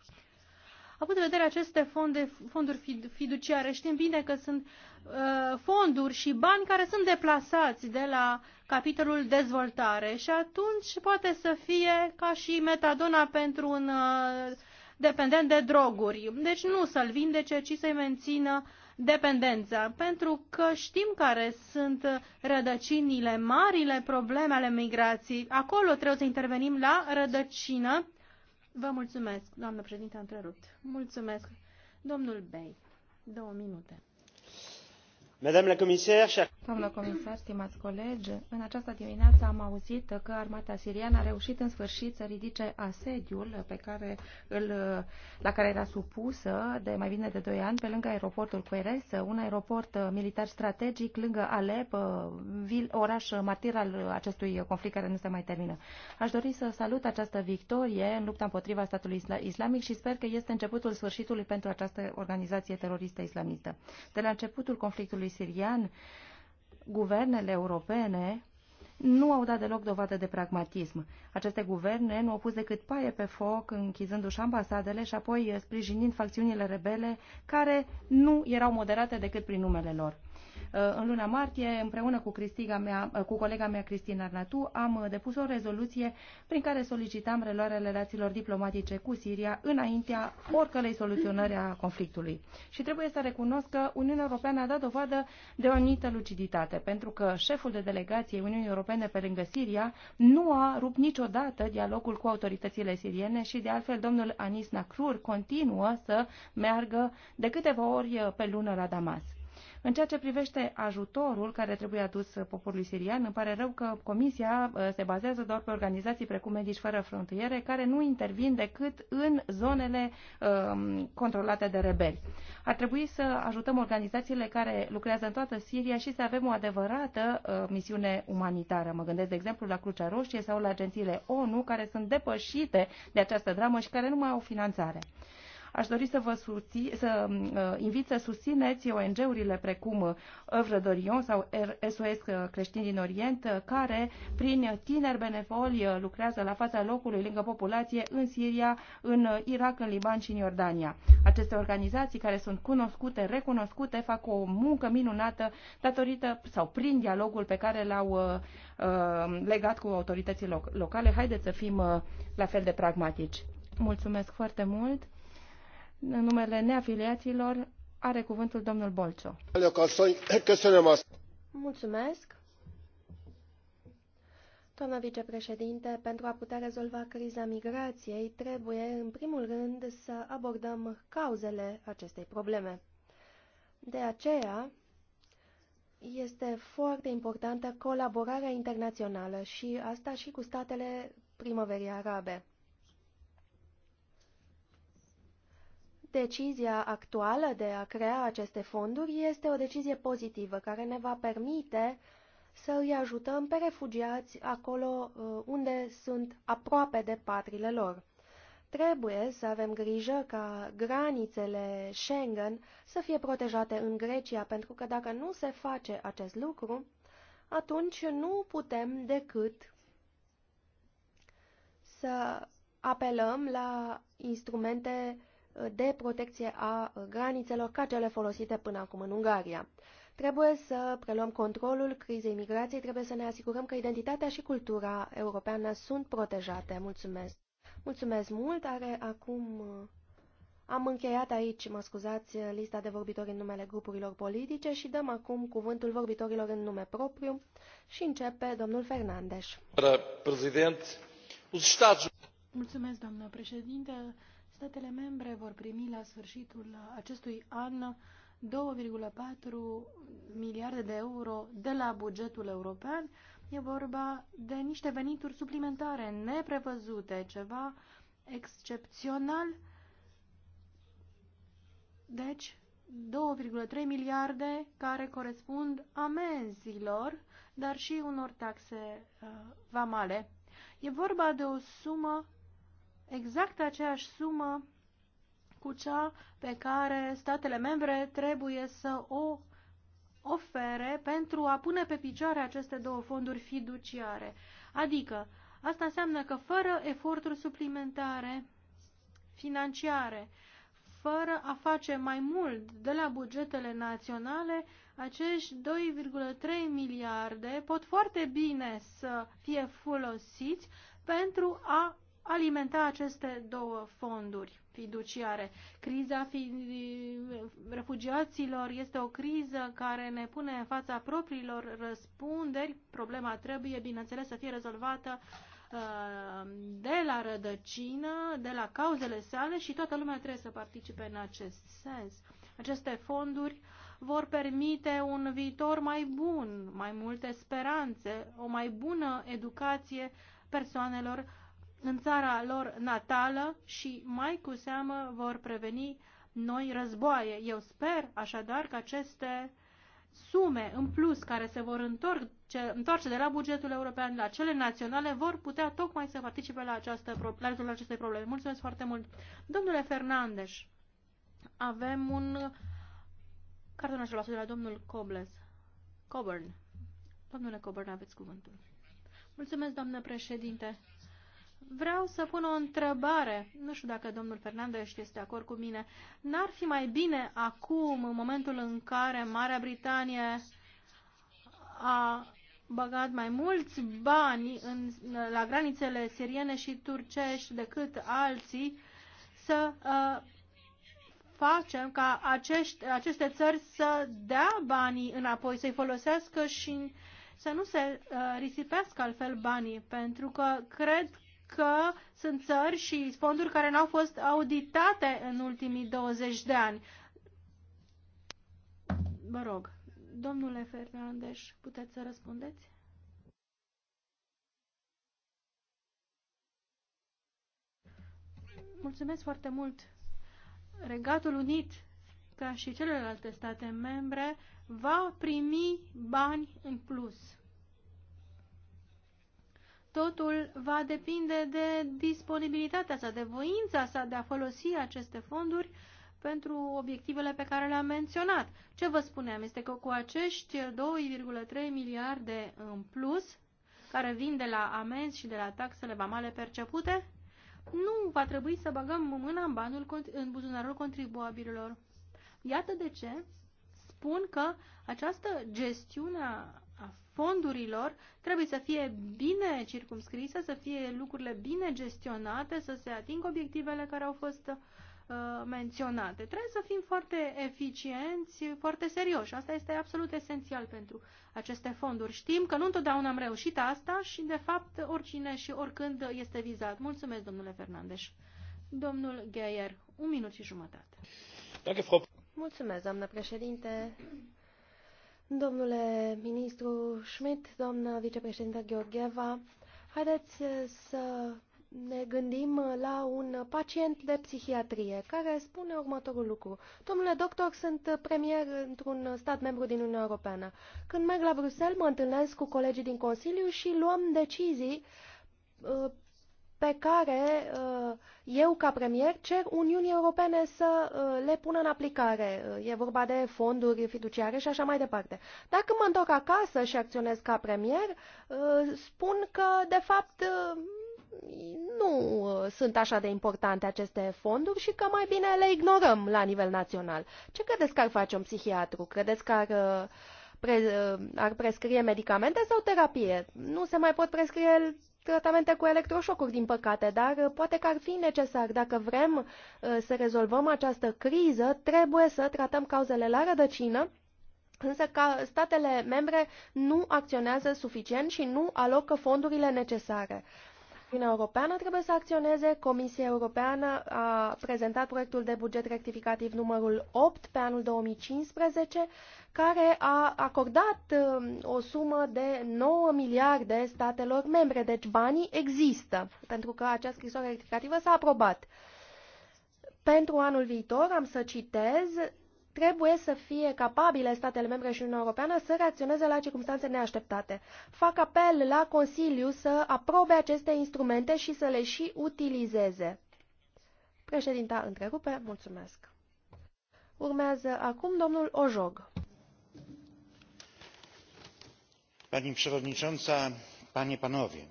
Având în vedere aceste fonde, fonduri fiduciare, știm bine că sunt uh, fonduri și bani care sunt deplasați de la capitolul dezvoltare și atunci poate să fie ca și metadona pentru un uh, dependent de droguri. Deci nu să-l vindece, ci să-i mențină dependența, pentru că știm care sunt rădăcinile, marile probleme ale migrației. Acolo trebuie să intervenim la rădăcină Vă mulțumesc, doamnă președinte, întrerupt. Mulțumesc. Domnul Bey, două minute. Doamnă comisar, stimați colegi, în această dimineață am auzit că armata siriană a reușit în sfârșit să ridice asediul pe care îl, la care era supusă de mai bine de doi ani pe lângă aeroportul Cueres, un aeroport militar strategic lângă Alep, vil, oraș martir al acestui conflict care nu se mai termină. Aș dori să salut această victorie în lupta împotriva statului islamic și sper că este începutul sfârșitului pentru această organizație teroristă islamistă. De la începutul conflictului conflictului sirian, guvernele europene nu au dat deloc dovadă de pragmatism. Aceste guverne nu au pus decât paie pe foc, închizându-și ambasadele și apoi sprijinind facțiunile rebele care nu erau moderate decât prin numele lor. Uh, în luna martie, împreună cu, Cristiga mea, uh, cu colega mea Cristina Arnatu, am uh, depus o rezoluție prin care solicitam reluarea relațiilor diplomatice cu Siria înaintea oricălei soluționări a conflictului. Și trebuie să recunosc că Uniunea Europeană a dat dovadă de o anumită luciditate, pentru că șeful de delegație Uniunii Europene pe lângă Siria nu a rupt niciodată dialogul cu autoritățile siriene și, de altfel, domnul Anis Nacrur continuă să meargă de câteva ori pe lună la Damas. În ceea ce privește ajutorul care trebuie adus poporului sirian, îmi pare rău că Comisia uh, se bazează doar pe organizații precum Medici Fără Frontiere, care nu intervin decât în zonele um, controlate de rebeli. Ar trebui să ajutăm organizațiile care lucrează în toată Siria și să avem o adevărată uh, misiune umanitară. Mă gândesc, de exemplu, la Crucea Roșie sau la agențiile ONU, care sunt depășite de această dramă și care nu mai au finanțare. Aș dori să vă susții, să uh, invit să susțineți ONG-urile precum Œuvre uh, Dorion sau SOS uh, Creștini din Orient, care prin tineri benevoli lucrează la fața locului lângă populație în Siria, în Irak, în Liban și în Iordania. Aceste organizații care sunt cunoscute, recunoscute, fac o muncă minunată datorită sau prin dialogul pe care l-au uh, legat cu autoritățile locale. Haideți să fim uh, la fel de pragmatici. Mulțumesc foarte mult! în numele neafiliaților, are cuvântul domnul Bolcio. Mulțumesc. Doamna vicepreședinte, pentru a putea rezolva criza migrației, trebuie, în primul rând, să abordăm cauzele acestei probleme. De aceea, este foarte importantă colaborarea internațională și asta și cu statele primăverii arabe. Decizia actuală de a crea aceste fonduri este o decizie pozitivă care ne va permite să îi ajutăm pe refugiați acolo uh, unde sunt aproape de patrile lor. Trebuie să avem grijă ca granițele Schengen să fie protejate în Grecia, pentru că dacă nu se face acest lucru, atunci nu putem decât să apelăm la instrumente de protecție a granițelor ca cele folosite până acum în Ungaria. Trebuie să preluăm controlul crizei migrației, trebuie să ne asigurăm că identitatea și cultura europeană sunt protejate. Mulțumesc! Mulțumesc mult! Are acum... Am încheiat aici, mă scuzați, lista de vorbitori în numele grupurilor politice și dăm acum cuvântul vorbitorilor în nume propriu și începe domnul Fernandes. Mulțumesc, doamnă președinte. Statele membre vor primi la sfârșitul acestui an 2,4 miliarde de euro de la bugetul european. E vorba de niște venituri suplimentare neprevăzute, ceva excepțional. Deci, 2,3 miliarde care corespund amenzilor, dar și unor taxe uh, vamale. E vorba de o sumă exact aceeași sumă cu cea pe care statele membre trebuie să o ofere pentru a pune pe picioare aceste două fonduri fiduciare. Adică, asta înseamnă că fără eforturi suplimentare financiare, fără a face mai mult de la bugetele naționale, acești 2,3 miliarde pot foarte bine să fie folosiți pentru a alimenta aceste două fonduri fiduciare. Criza fi, refugiaților este o criză care ne pune în fața propriilor răspunderi. Problema trebuie, bineînțeles, să fie rezolvată uh, de la rădăcină, de la cauzele sale și toată lumea trebuie să participe în acest sens. Aceste fonduri vor permite un viitor mai bun, mai multe speranțe, o mai bună educație persoanelor în țara lor natală și mai cu seamă vor preveni noi războaie. Eu sper așadar că aceste sume în plus care se vor întoarce, întoarce de la bugetul european la cele naționale vor putea tocmai să participe la, această, la rezolvarea acestei probleme. Mulțumesc foarte mult. Domnule Fernandes, avem un cartonaș și de la domnul Cobles. Coburn. Domnule Coburn, aveți cuvântul. Mulțumesc, doamnă președinte vreau să pun o întrebare. Nu știu dacă domnul Fernandez este de acord cu mine. N-ar fi mai bine acum, în momentul în care Marea Britanie a băgat mai mulți bani în, la granițele siriene și turcești decât alții, să uh, facem ca acești, aceste țări să dea banii înapoi, să-i folosească și să nu se uh, risipească altfel banii, pentru că cred că sunt țări și fonduri care n au fost auditate în ultimii 20 de ani. Vă rog, domnule Fernandez, puteți să răspundeți? Mulțumesc foarte mult. Regatul Unit, ca și celelalte state membre, va primi bani în plus Totul va depinde de disponibilitatea sa, de voința sa de a folosi aceste fonduri pentru obiectivele pe care le-am menționat. Ce vă spuneam este că cu acești 2,3 miliarde în plus, care vin de la amenzi și de la taxele vamale percepute, nu va trebui să băgăm mâna în, banul, în buzunarul contribuabililor. Iată de ce spun că această gestiune a fondurilor trebuie să fie bine circumscrise, să fie lucrurile bine gestionate, să se atingă obiectivele care au fost uh, menționate. Trebuie să fim foarte eficienți, foarte serioși. Asta este absolut esențial pentru aceste fonduri. Știm că nu întotdeauna am reușit asta și, de fapt, oricine și oricând este vizat. Mulțumesc, domnule Fernandes. Domnul Geier, un minut și jumătate. Mulțumesc, doamnă președinte. Domnule ministru Schmidt, doamnă vicepreședintă Gheorgheva, haideți eh, să ne gândim la un pacient de psihiatrie care spune următorul lucru. Domnule doctor, sunt premier într-un stat membru din Uniunea Europeană. Când merg la Bruxelles, mă întâlnesc cu colegii din Consiliu și luăm decizii eh, pe care uh, eu, ca premier, cer Uniunii Europene să uh, le pună în aplicare. Uh, e vorba de fonduri fiduciare și așa mai departe. Dacă mă întorc acasă și acționez ca premier, spun că, de fapt, nu sunt așa de importante aceste fonduri și că mai bine le ignorăm la nivel național. Ce credeți că ar face un psihiatru? Credeți că ar pre, ar prescrie medicamente sau terapie. Nu se mai pot prescrie tratamente cu electroșocuri, din păcate, dar uh, poate că ar fi necesar. Dacă vrem uh, să rezolvăm această criză, trebuie să tratăm cauzele la rădăcină, însă ca statele membre nu acționează suficient și nu alocă fondurile necesare. Uniunea Europeană trebuie să acționeze. Comisia Europeană a prezentat proiectul de buget rectificativ numărul 8 pe anul 2015, care a acordat um, o sumă de 9 miliarde statelor membre. Deci banii există, pentru că această scrisoare rectificativă s-a aprobat. Pentru anul viitor am să citez Trebuie să fie capabile statele membre și Uniunea Europeană să reacționeze la circunstanțe neașteptate. Fac apel la Consiliu să aprobe aceste instrumente și să le și utilizeze. Președinta întrerupe, mulțumesc. Urmează acum domnul Ojog. Pani przewodnicząca, panie panowie.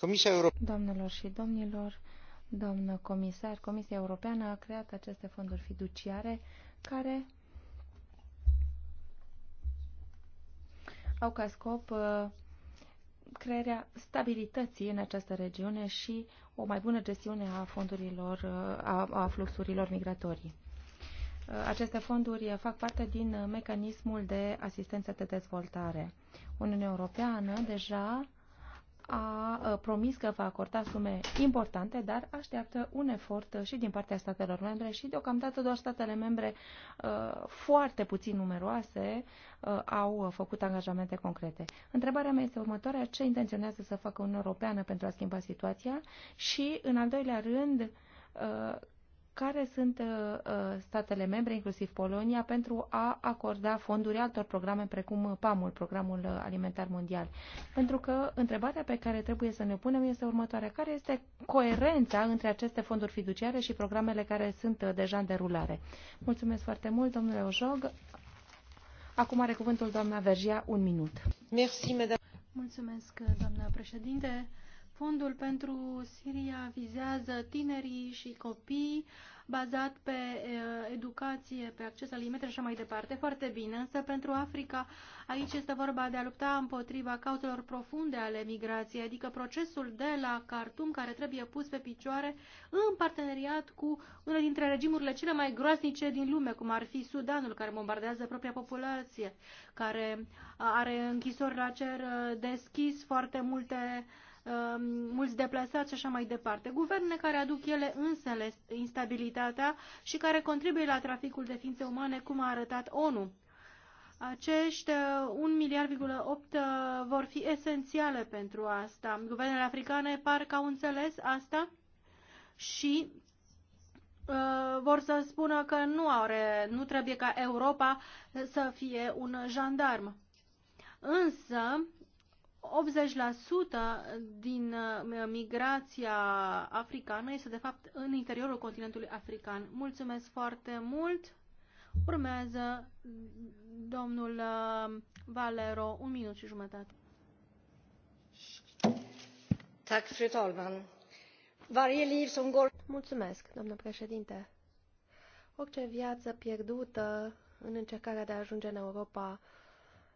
Comisia Europeană. Domnilor și domnilor, doamnă comisar, Comisia Europeană a creat aceste fonduri fiduciare care au ca scop uh, crearea stabilității în această regiune și o mai bună gestiune a fondurilor, uh, a, a fluxurilor migratorii. Uh, aceste fonduri fac parte din mecanismul de asistență de dezvoltare. Uniunea Europeană deja a promis că va acorda sume importante, dar așteaptă un efort și din partea statelor membre și deocamdată doar statele membre foarte puțin numeroase au făcut angajamente concrete. Întrebarea mea este următoarea, ce intenționează să facă Uniunea Europeană pentru a schimba situația și, în al doilea rând, care sunt uh, uh, statele membre, inclusiv Polonia, pentru a acorda fonduri altor programe precum PAMUL, Programul uh, Alimentar Mondial. Pentru că întrebarea pe care trebuie să ne punem este următoarea. Care este coerența între aceste fonduri fiduciare și programele care sunt deja în derulare? Mulțumesc foarte mult, domnule Ojog. Acum are cuvântul doamna Vergia, un minut. Mulțumesc, doamna președinte. Fondul pentru Siria vizează tinerii și copii bazat pe educație, pe acces alimentare și așa mai departe. Foarte bine, însă pentru Africa aici este vorba de a lupta împotriva cauzelor profunde ale migrației, adică procesul de la Khartoum care trebuie pus pe picioare în parteneriat cu una dintre regimurile cele mai groaznice din lume, cum ar fi Sudanul, care bombardează propria populație, care are închisori la cer uh, deschis, foarte multe Um, mulți deplasați și așa mai departe. Guverne care aduc ele însele instabilitatea și care contribuie la traficul de ființe umane, cum a arătat ONU. Acești 1 uh, miliard uh, vor fi esențiale pentru asta. Guvernele africane par că au înțeles asta și uh, vor să spună că nu, are, nu trebuie ca Europa să fie un jandarm. Însă, 80% din uh, migrația africană este de fapt în interiorul continentului african. Mulțumesc foarte mult! Urmează domnul uh, Valero, un minut și jumătate. Tak, Varje liv som går... Mulțumesc, doamnă președinte. Orice viață pierdută în încercarea de a ajunge în Europa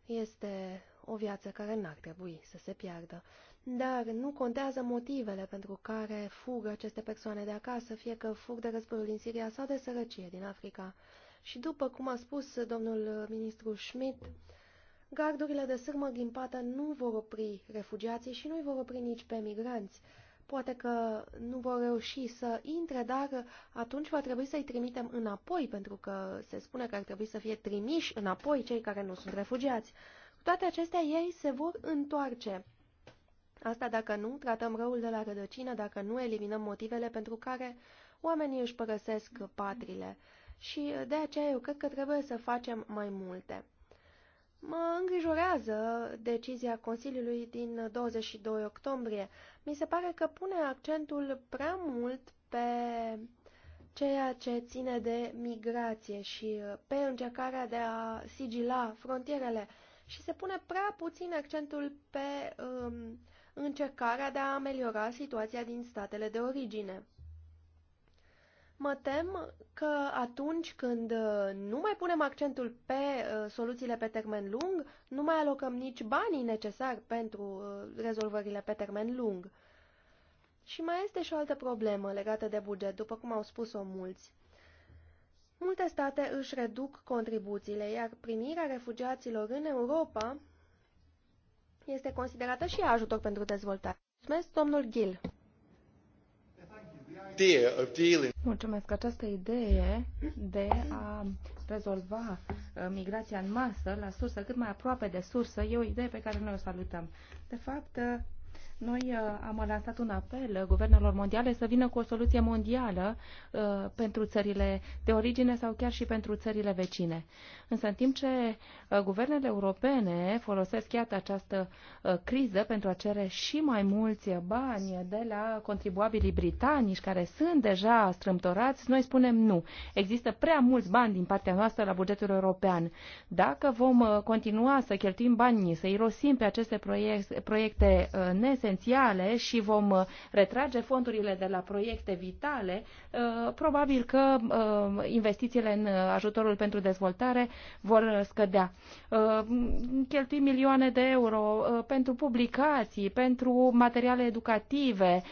este o viață care n-ar trebui să se piardă. Dar nu contează motivele pentru care fug aceste persoane de acasă, fie că fug de războiul din Siria sau de sărăcie din Africa. Și după cum a spus domnul ministru Schmidt, gardurile de sârmă ghimpată nu vor opri refugiații și nu îi vor opri nici pe migranți. Poate că nu vor reuși să intre, dar atunci va trebui să-i trimitem înapoi, pentru că se spune că ar trebui să fie trimiși înapoi cei care nu sunt refugiați. Cu toate acestea, ei se vor întoarce. Asta dacă nu tratăm răul de la rădăcină, dacă nu eliminăm motivele pentru care oamenii își părăsesc patrile. Și de aceea eu cred că trebuie să facem mai multe. Mă îngrijorează decizia Consiliului din 22 octombrie. Mi se pare că pune accentul prea mult pe ceea ce ține de migrație și pe încercarea de a sigila frontierele și se pune prea puțin accentul pe um, încercarea de a ameliora situația din statele de origine. Mă tem că atunci când uh, nu mai punem accentul pe uh, soluțiile pe termen lung, nu mai alocăm nici banii necesari pentru uh, rezolvările pe termen lung. Și mai este și o altă problemă legată de buget, după cum au spus-o mulți. Multe state își reduc contribuțiile, iar primirea refugiaților în Europa este considerată și ajutor pentru dezvoltare. Mulțumesc, domnul Gil. Mulțumesc. Această idee de a rezolva uh, migrația în masă la sursă, cât mai aproape de sursă, e o idee pe care noi o salutăm. De fapt, uh, noi uh, am lansat un apel guvernelor mondiale să vină cu o soluție mondială uh, pentru țările de origine sau chiar și pentru țările vecine. Însă în timp ce uh, guvernele europene folosesc iată această criză pentru a cere și mai mulți bani de la contribuabilii britanici care sunt deja strâmtorați, noi spunem nu. Există prea mulți bani din partea noastră la bugetul european. Dacă vom continua să cheltuim banii, să irosim pe aceste proiecte, proiecte esențiale și vom uh, retrage fondurile de la proiecte vitale, uh, probabil că uh, investițiile în ajutorul pentru dezvoltare vor scădea. Cheltuim milioane de euro pentru publicații, pentru materiale educative,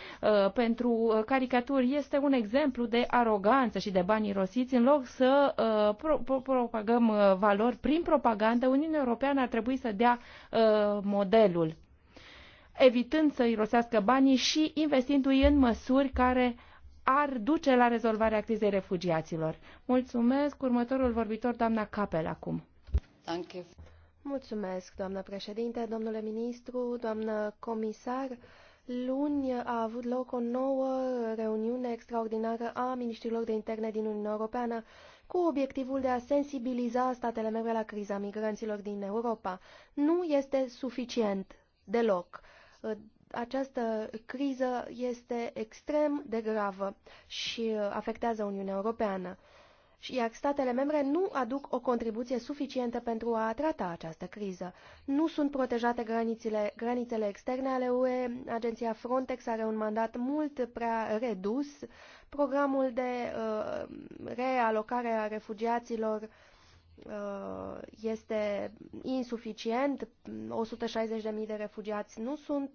pentru caricaturi. Este un exemplu de aroganță și de bani rosiți. În loc să pro propagăm valori prin propagandă, Uniunea Europeană ar trebui să dea modelul evitând să irosească banii și investindu-i în măsuri care ar duce la rezolvarea crizei refugiaților. Mulțumesc. Următorul vorbitor, doamna Capel, acum. Thank you. Mulțumesc, doamna președinte, domnule ministru, doamnă comisar. Luni a avut loc o nouă reuniune extraordinară a ministrilor de interne din Uniunea Europeană cu obiectivul de a sensibiliza statele membre la criza migranților din Europa. Nu este suficient deloc. Ă, această criză este extrem de gravă și ă, afectează Uniunea Europeană, iar statele membre nu aduc o contribuție suficientă pentru a trata această criză. Nu sunt protejate granițele, granițele externe ale UE, agenția Frontex are un mandat mult prea redus, programul de uh, realocare a refugiaților uh, Uh, este insuficient, 160.000 de refugiați nu sunt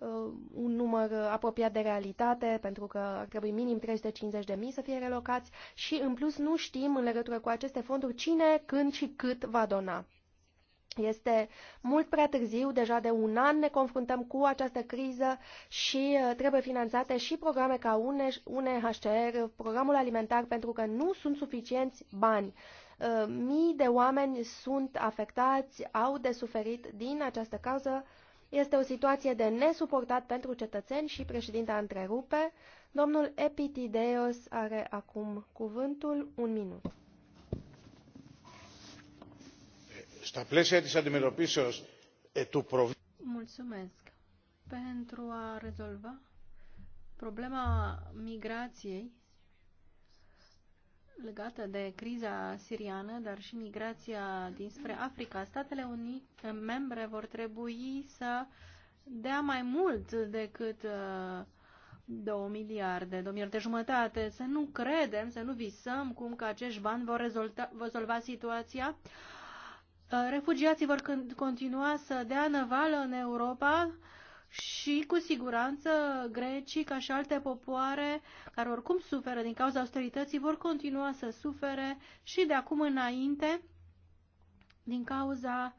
uh, un număr apropiat de realitate, pentru că ar trebui minim 350.000 să fie relocați și, în plus, nu știm în legătură cu aceste fonduri cine, când și cât va dona. Este mult prea târziu, deja de un an ne confruntăm cu această criză și uh, trebuie finanțate și programe ca UNHCR, programul alimentar, pentru că nu sunt suficienți bani. Uh, mii de oameni sunt afectați, au de suferit din această cauză. Este o situație de nesuportat pentru cetățeni și președinta întrerupe. Domnul Epitideos are acum cuvântul un minut. Mulțumesc. Pentru a rezolva problema migrației, legată de criza siriană, dar și migrația dinspre Africa, Statele Unite eh, membre vor trebui să dea mai mult decât uh, eh, 2 miliarde, două miliarde jumătate. Să nu credem, să nu visăm cum că acești bani vor rezolta, rezolva situația. Uh, refugiații vor continua să dea năvală în Europa și cu siguranță grecii, ca și alte popoare care oricum suferă din cauza austerității, vor continua să sufere și de acum înainte din cauza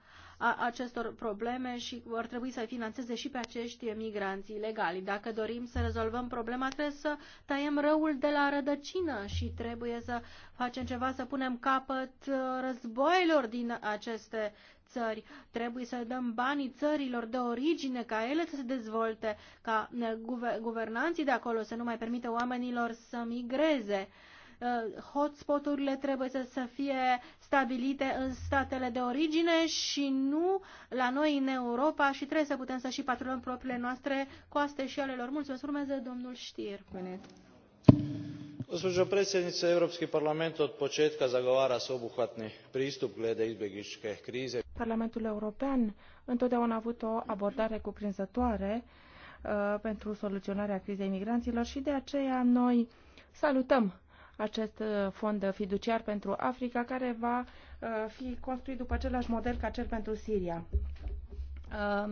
acestor probleme și vor trebui să finanțeze și pe acești migranți ilegali. Dacă dorim să rezolvăm problema, trebuie să taiem răul de la rădăcină și trebuie să facem ceva, să punem capăt uh, războiilor din aceste țări. Trebuie să dăm banii țărilor de origine ca ele să se dezvolte, ca uh, guvernanții de acolo să nu mai permită oamenilor să migreze. Uh, hotspoturile trebuie să, să fie stabilite în statele de origine și nu la noi în Europa și trebuie să putem să și patrulăm propriile noastre coaste și ale lor. Mulțumesc. Urmează domnul Știr. Gospođo predsjednice, Europski parlament od početka zagovara sveobuhvatni pristup glede izbjegličke krize. Parlamentul European întotdeauna a avut o abordare cuprinzătoare uh, pentru soluționarea crizei migranților și de aceea noi salutăm acest uh, fond fiduciar pentru Africa, care va uh, fi construit după același model ca cel pentru Siria. Um,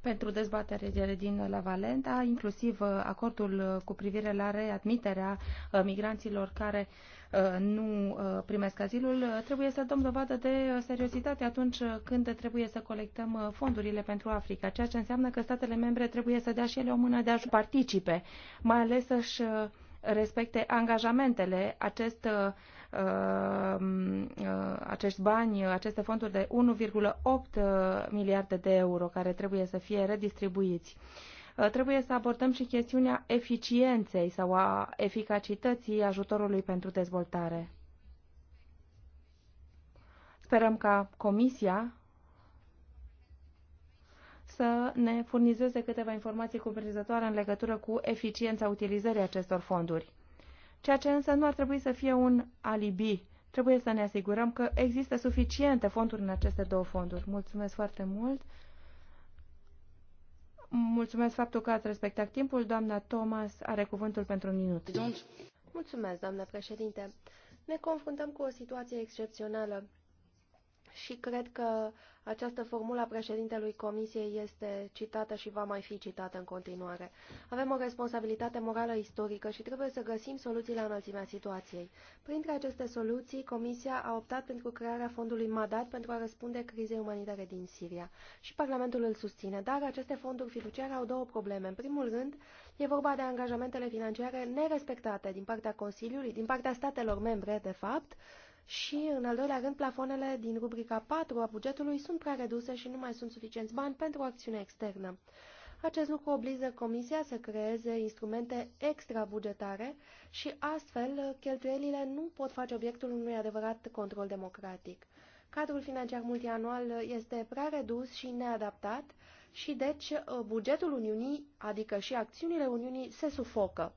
pentru dezbaterele din La Valenta, inclusiv uh, acordul cu privire la readmiterea migranților care nu primesc azilul, trebuie să dăm dovadă de seriozitate atunci când trebuie să colectăm fondurile pentru Africa, ceea ce înseamnă că statele membre trebuie să dea și ele o mână de a participe, mai ales să-și respecte angajamentele. Acest, uh, uh, acești bani, aceste fonduri de 1,8 uh, miliarde de euro care trebuie să fie redistribuiți. Uh, trebuie să abordăm și chestiunea eficienței sau a eficacității ajutorului pentru dezvoltare. Sperăm ca Comisia să ne furnizeze câteva informații cuprinzătoare în legătură cu eficiența utilizării acestor fonduri. Ceea ce însă nu ar trebui să fie un alibi. Trebuie să ne asigurăm că există suficiente fonduri în aceste două fonduri. Mulțumesc foarte mult! Mulțumesc faptul că ați respectat timpul. Doamna Thomas are cuvântul pentru un minut. Mulțumesc, doamna președinte. Ne confruntăm cu o situație excepțională și cred că această formulă a președintelui Comisiei este citată și va mai fi citată în continuare. Avem o responsabilitate morală istorică și trebuie să găsim soluții la înălțimea situației. Printre aceste soluții, Comisia a optat pentru crearea fondului MADAT pentru a răspunde crizei umanitare din Siria și Parlamentul îl susține, dar aceste fonduri fiduciare au două probleme. În primul rând, e vorba de angajamentele financiare nerespectate din partea Consiliului, din partea statelor membre, de fapt, și, în al doilea rând, plafonele din rubrica 4 a bugetului sunt prea reduse și nu mai sunt suficienți bani pentru o acțiune externă. Acest lucru obligă Comisia să creeze instrumente extrabugetare și astfel cheltuielile nu pot face obiectul unui adevărat control democratic. Cadrul financiar multianual este prea redus și neadaptat și deci bugetul Uniunii, adică și acțiunile Uniunii, se sufocă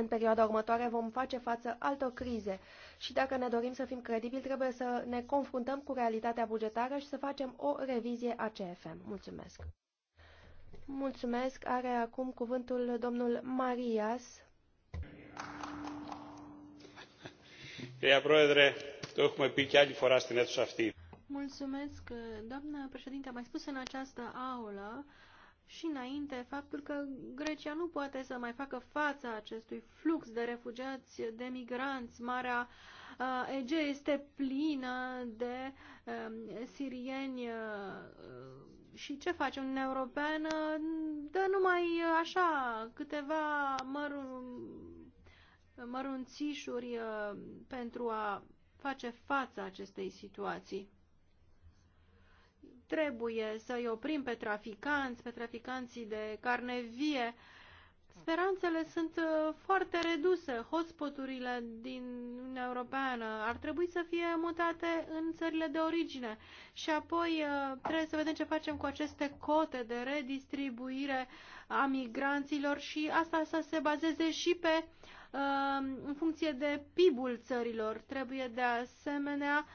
în perioada următoare vom face față altor crize și dacă ne dorim să fim credibili, trebuie să ne confruntăm cu realitatea bugetară și să facem o revizie a CFM. Mulțumesc! Mulțumesc! Are acum cuvântul domnul Marias. Mulțumesc, doamnă președinte. Am mai spus în această aulă și înainte faptul că Grecia nu poate să mai facă fața acestui flux de refugiați, de migranți. Marea uh, Ege este plină de um, uh, sirieni uh, și ce face un european Dă numai uh, așa câteva mărun, mărunțișuri uh, pentru a face față acestei situații trebuie să-i oprim pe traficanți, pe traficanții de carne vie. Speranțele sunt uh, foarte reduse. Hotspoturile din Uniunea Europeană ar trebui să fie mutate în țările de origine. Și apoi uh, trebuie să vedem ce facem cu aceste cote de redistribuire a migranților și asta să se bazeze și pe uh, în funcție de PIB-ul țărilor. Trebuie de asemenea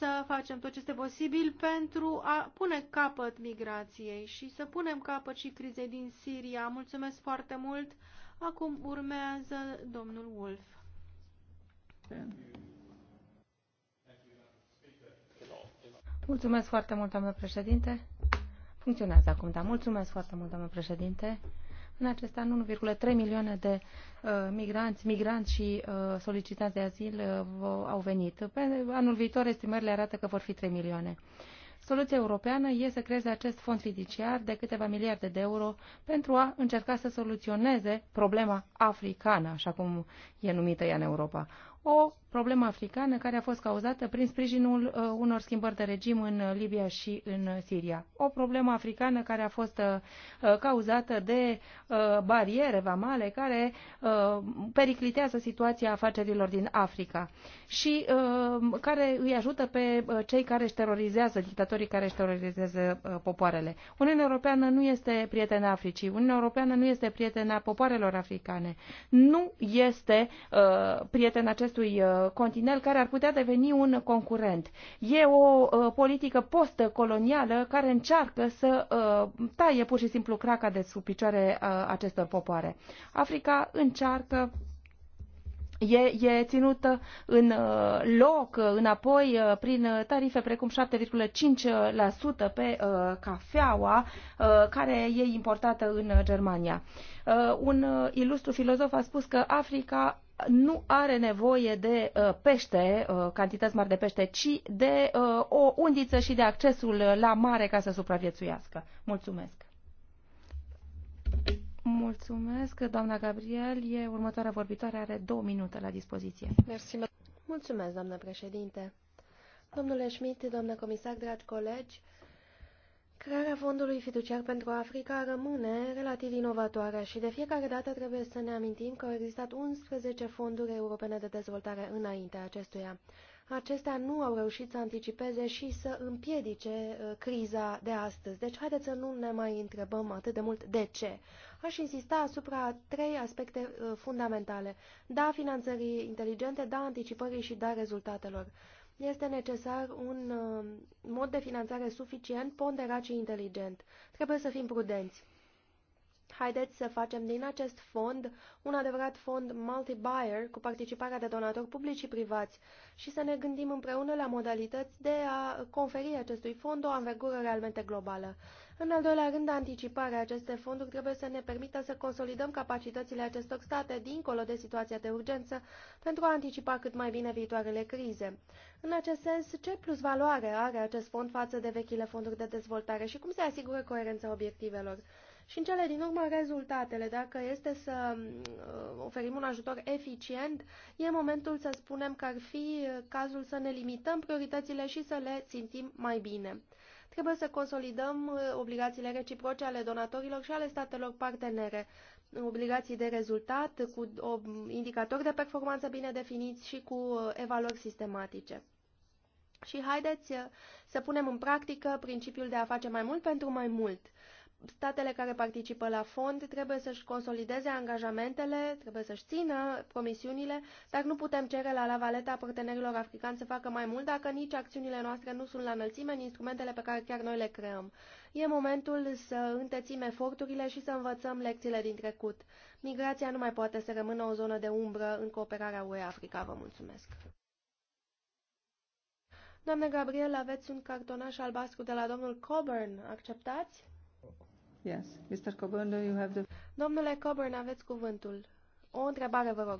să facem tot ce este posibil pentru a pune capăt migrației și să punem capăt și crizei din Siria. Mulțumesc foarte mult. Acum urmează domnul Wolf. Mulțumesc foarte mult, doamnă președinte. Funcționează acum, da. Mulțumesc foarte mult, doamnă președinte. În acest an, 1,3 milioane de uh, migranți, migranți și uh, solicitanți de azil uh, au venit. Pe anul viitor, estimările arată că vor fi 3 milioane. Soluția europeană e să creeze acest fond fiduciar de câteva miliarde de euro pentru a încerca să soluționeze problema africană, așa cum e numită ea în Europa. O Problema africană care a fost cauzată prin sprijinul uh, unor schimbări de regim în uh, Libia și în uh, Siria. O problemă africană care a fost cauzată de bariere vamale care periclitează situația afacerilor din Africa și care îi ajută pe cei care își terorizează, dictatorii care își terorizează popoarele. Uniunea Europeană nu este prietena Africii, Uniunea Europeană nu este prietena popoarelor africane, nu este prieten acestui Uh, continent care ar putea deveni un concurent. E o uh, politică postcolonială care încearcă să uh, taie pur și simplu craca de sub picioare acestor popoare. Africa încearcă e, e ținută în loc, înapoi, prin tarife precum 7,5% pe cafeaua care e importată în Germania. Un ilustru filozof a spus că Africa nu are nevoie de uh, pește, uh, cantități mari de pește, ci de uh, o undiță și de accesul la mare ca să supraviețuiască. Mulțumesc! Mulțumesc, doamna Gabriel. E următoarea vorbitoare, are două minute la dispoziție. Mersi. Mulțumesc, doamna președinte. Domnule Schmidt, doamna comisar, dragi colegi, Crearea fondului fiduciar pentru Africa rămâne relativ inovatoare și de fiecare dată trebuie să ne amintim că au existat 11 fonduri europene de dezvoltare înaintea acestuia. Acestea nu au reușit să anticipeze și să împiedice uh, criza de astăzi. Deci haideți să nu ne mai întrebăm atât de mult de ce. Aș insista asupra trei aspecte uh, fundamentale. Da finanțării inteligente, da anticipării și da rezultatelor este necesar un uh, mod de finanțare suficient, ponderat și inteligent. Trebuie să fim prudenți. Haideți să facem din acest fond un adevărat fond multi-buyer cu participarea de donatori publici și privați și să ne gândim împreună la modalități de a conferi acestui fond o anvergură realmente globală. În al doilea rând, anticiparea acestei fonduri trebuie să ne permită să consolidăm capacitățile acestor state dincolo de situația de urgență pentru a anticipa cât mai bine viitoarele crize. În acest sens, ce plus valoare are acest fond față de vechile fonduri de dezvoltare și cum se asigură coerența obiectivelor? Și în cele din urmă, rezultatele. Dacă este să uh, oferim un ajutor eficient, e momentul să spunem că ar fi cazul să ne limităm prioritățile și să le țintim mai bine. Trebuie să consolidăm uh, obligațiile reciproce ale donatorilor și ale statelor partenere, obligații de rezultat, cu indicatori de performanță bine definiți și cu uh, evaluări sistematice. Și haideți să punem în practică principiul de a face mai mult pentru mai mult statele care participă la fond trebuie să-și consolideze angajamentele, trebuie să-și țină promisiunile, dar nu putem cere la la valeta partenerilor africani să facă mai mult dacă nici acțiunile noastre nu sunt la înălțime în instrumentele pe care chiar noi le creăm. E momentul să întețim eforturile și să învățăm lecțiile din trecut. Migrația nu mai poate să rămână o zonă de umbră în cooperarea UE-Africa. Vă mulțumesc! Doamne Gabriel, aveți un cartonaș albastru de la domnul Coburn. Acceptați? Yes, Mr. Coburn, you have the... Domnule Coburn, aveți cuvântul. O întrebare, vă rog.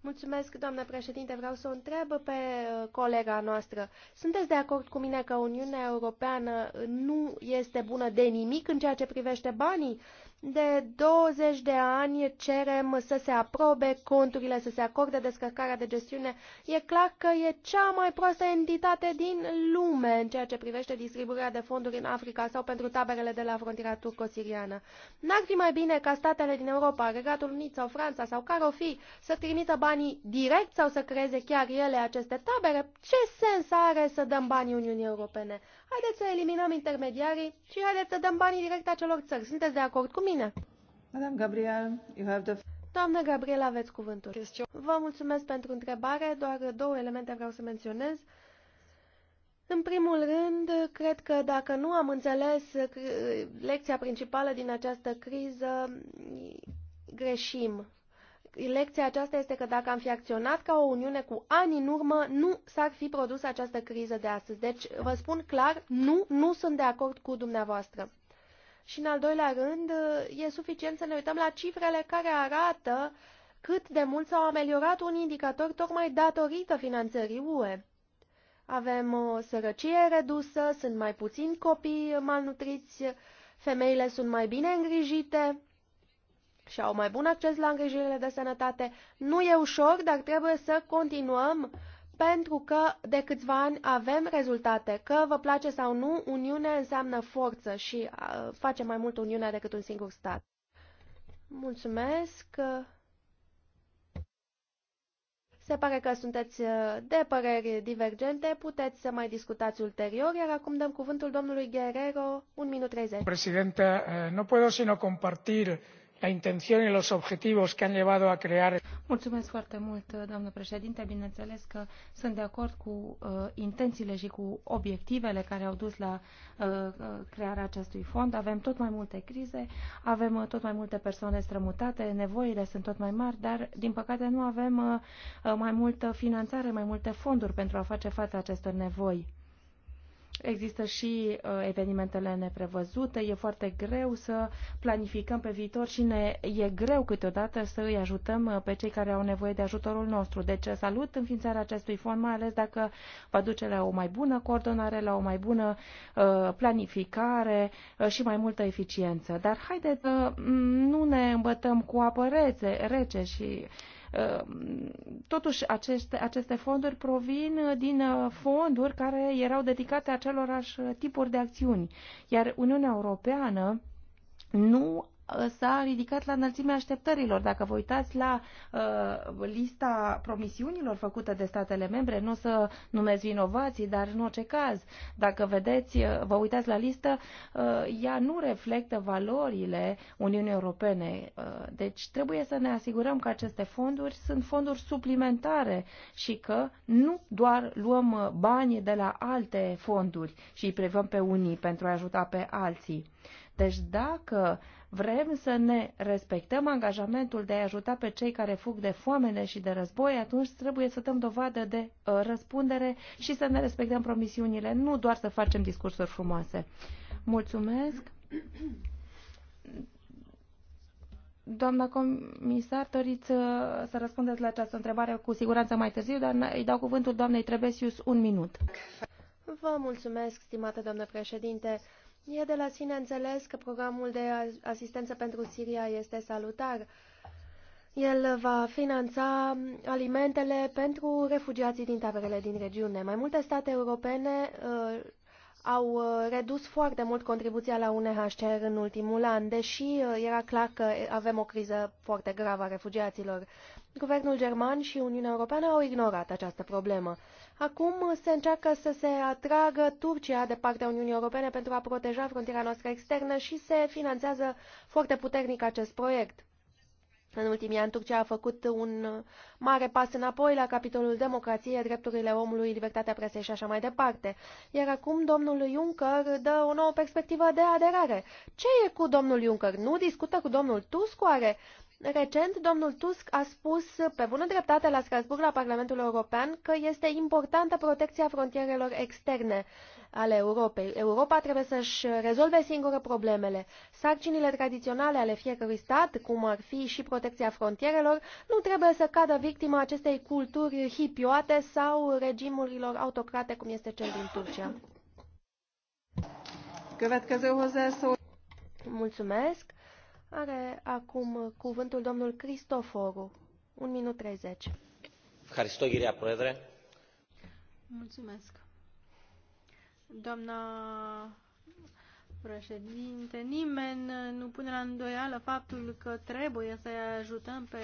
Mulțumesc, doamnă președinte. Vreau să o întreb pe uh, colega noastră. Sunteți de acord cu mine că Uniunea Europeană nu este bună de nimic în ceea ce privește banii? De 20 de ani cerem să se aprobe conturile, să se acorde descărcarea de gestiune. E clar că e cea mai proastă entitate din lume în ceea ce privește distribuirea de fonduri în Africa sau pentru taberele de la frontiera turco-siriană. N-ar fi mai bine ca statele din Europa, Regatul Unit sau Franța sau care o fi, să trimită banii direct sau să creeze chiar ele aceste tabere? Ce sens are să dăm banii Uniunii Europene? haideți să eliminăm intermediarii și haideți să dăm banii direct acelor țări. Sunteți de acord cu mine? Madame Gabriel, you have the... Doamnă Gabriel, aveți cuvântul. Vă mulțumesc pentru întrebare, doar două elemente vreau să menționez. În primul rând, cred că dacă nu am înțeles lecția principală din această criză, greșim lecția aceasta este că dacă am fi acționat ca o Uniune cu ani în urmă, nu s-ar fi produs această criză de astăzi. Deci, vă spun clar, nu, nu sunt de acord cu dumneavoastră. Și în al doilea rând, e suficient să ne uităm la cifrele care arată cât de mult s-au ameliorat un indicator tocmai datorită finanțării UE. Avem o sărăcie redusă, sunt mai puțini copii malnutriți, femeile sunt mai bine îngrijite, și au mai bun acces la îngrijirile de sănătate. Nu e ușor, dar trebuie să continuăm pentru că de câțiva ani avem rezultate. Că vă place sau nu, Uniune înseamnă forță și uh, face mai mult Uniunea decât un singur stat. Mulțumesc! Se pare că sunteți uh, de păreri divergente, puteți să mai discutați ulterior, iar acum dăm cuvântul domnului Guerrero, un minut 30. Președinte, nu pot sino compartir la intención y los objetivos que han llevado a crear. Mulțumesc foarte mult, doamnă președinte. Bineînțeles că sunt de acord cu uh, intențiile și cu obiectivele care au dus la uh, uh crearea acestui fond. Avem tot mai multe crize, avem uh, tot mai multe persoane strămutate, nevoile sunt tot mai mari, dar, din păcate, nu avem uh, uh mai multă finanțare, mai multe fonduri pentru a face față acestor nevoi Există și uh, evenimentele neprevăzute, e foarte greu să planificăm pe viitor și ne e greu câteodată să îi ajutăm uh, pe cei care au nevoie de ajutorul nostru. Deci uh, salut înființarea acestui fond, mai ales dacă va duce la o mai bună coordonare, la o mai bună planificare și mai multă eficiență. Dar haideți să mm, nu ne îmbătăm cu apă rețe, rece și Ehm, totuși, aceste, aceste fonduri provin uh, din uh, fonduri care erau dedicate acelorași tipuri de acțiuni, iar Uniunea Europeană nu s-a ridicat la înălțimea așteptărilor. Dacă vă uitați la uh, lista promisiunilor făcute de statele membre, nu o să numesc vinovații, dar în orice caz, dacă vedeți, uh, vă uitați la listă, uh, ea nu reflectă valorile Uniunii Europene. Uh, deci trebuie să ne asigurăm că aceste fonduri sunt fonduri suplimentare și că nu doar luăm uh, bani de la alte fonduri și îi privăm pe unii pentru a ajuta pe alții. Deci dacă vrem să ne respectăm angajamentul de a ajuta pe cei care fug de foamene și de război, atunci trebuie să dăm dovadă de uh, răspundere și să ne respectăm promisiunile, nu doar să facem discursuri frumoase. Mulțumesc. Doamna comisar, doriți uh, să răspundeți la această întrebare cu siguranță mai târziu, dar îi dau cuvântul doamnei Trebesius un minut. Vă mulțumesc, stimată doamnă președinte. E de la sine înțeles că programul de asistență pentru Siria este salutar. El va finanța alimentele pentru refugiații din taberele din regiune. Mai multe state europene uh, au uh, redus foarte mult contribuția la UNHCR în ultimul an, deși uh, era clar că avem o criză foarte gravă a refugiaților. Guvernul german și Uniunea Europeană au ignorat această problemă. Acum se încearcă să se atragă Turcia de partea Uniunii Europene pentru a proteja frontiera noastră externă și se finanțează foarte puternic acest proiect. În ultimii ani, Turcia a făcut un mare pas înapoi la capitolul democrație, drepturile omului, libertatea presei și așa mai departe. Iar acum domnul Juncker dă o nouă perspectivă de aderare. Ce e cu domnul Juncker? Nu discută cu domnul Tusk oare? Recent, domnul Tusk a spus pe bună dreptate la Strasburg, la Parlamentul European, că este importantă protecția frontierelor externe ale Europei. Europa trebuie să-și rezolve singură problemele. Sarcinile tradiționale ale fiecărui stat, cum ar fi și protecția frontierelor, nu trebuie să cadă victima acestei culturi hipioate sau regimurilor autocrate, cum este cel din Turcia. Mulțumesc. Are acum cuvântul domnul Cristoforu. Un minut 30. Haristoghirea Proedre. Mulțumesc. Doamna președinte, nimeni nu pune la îndoială faptul că trebuie să ajutăm pe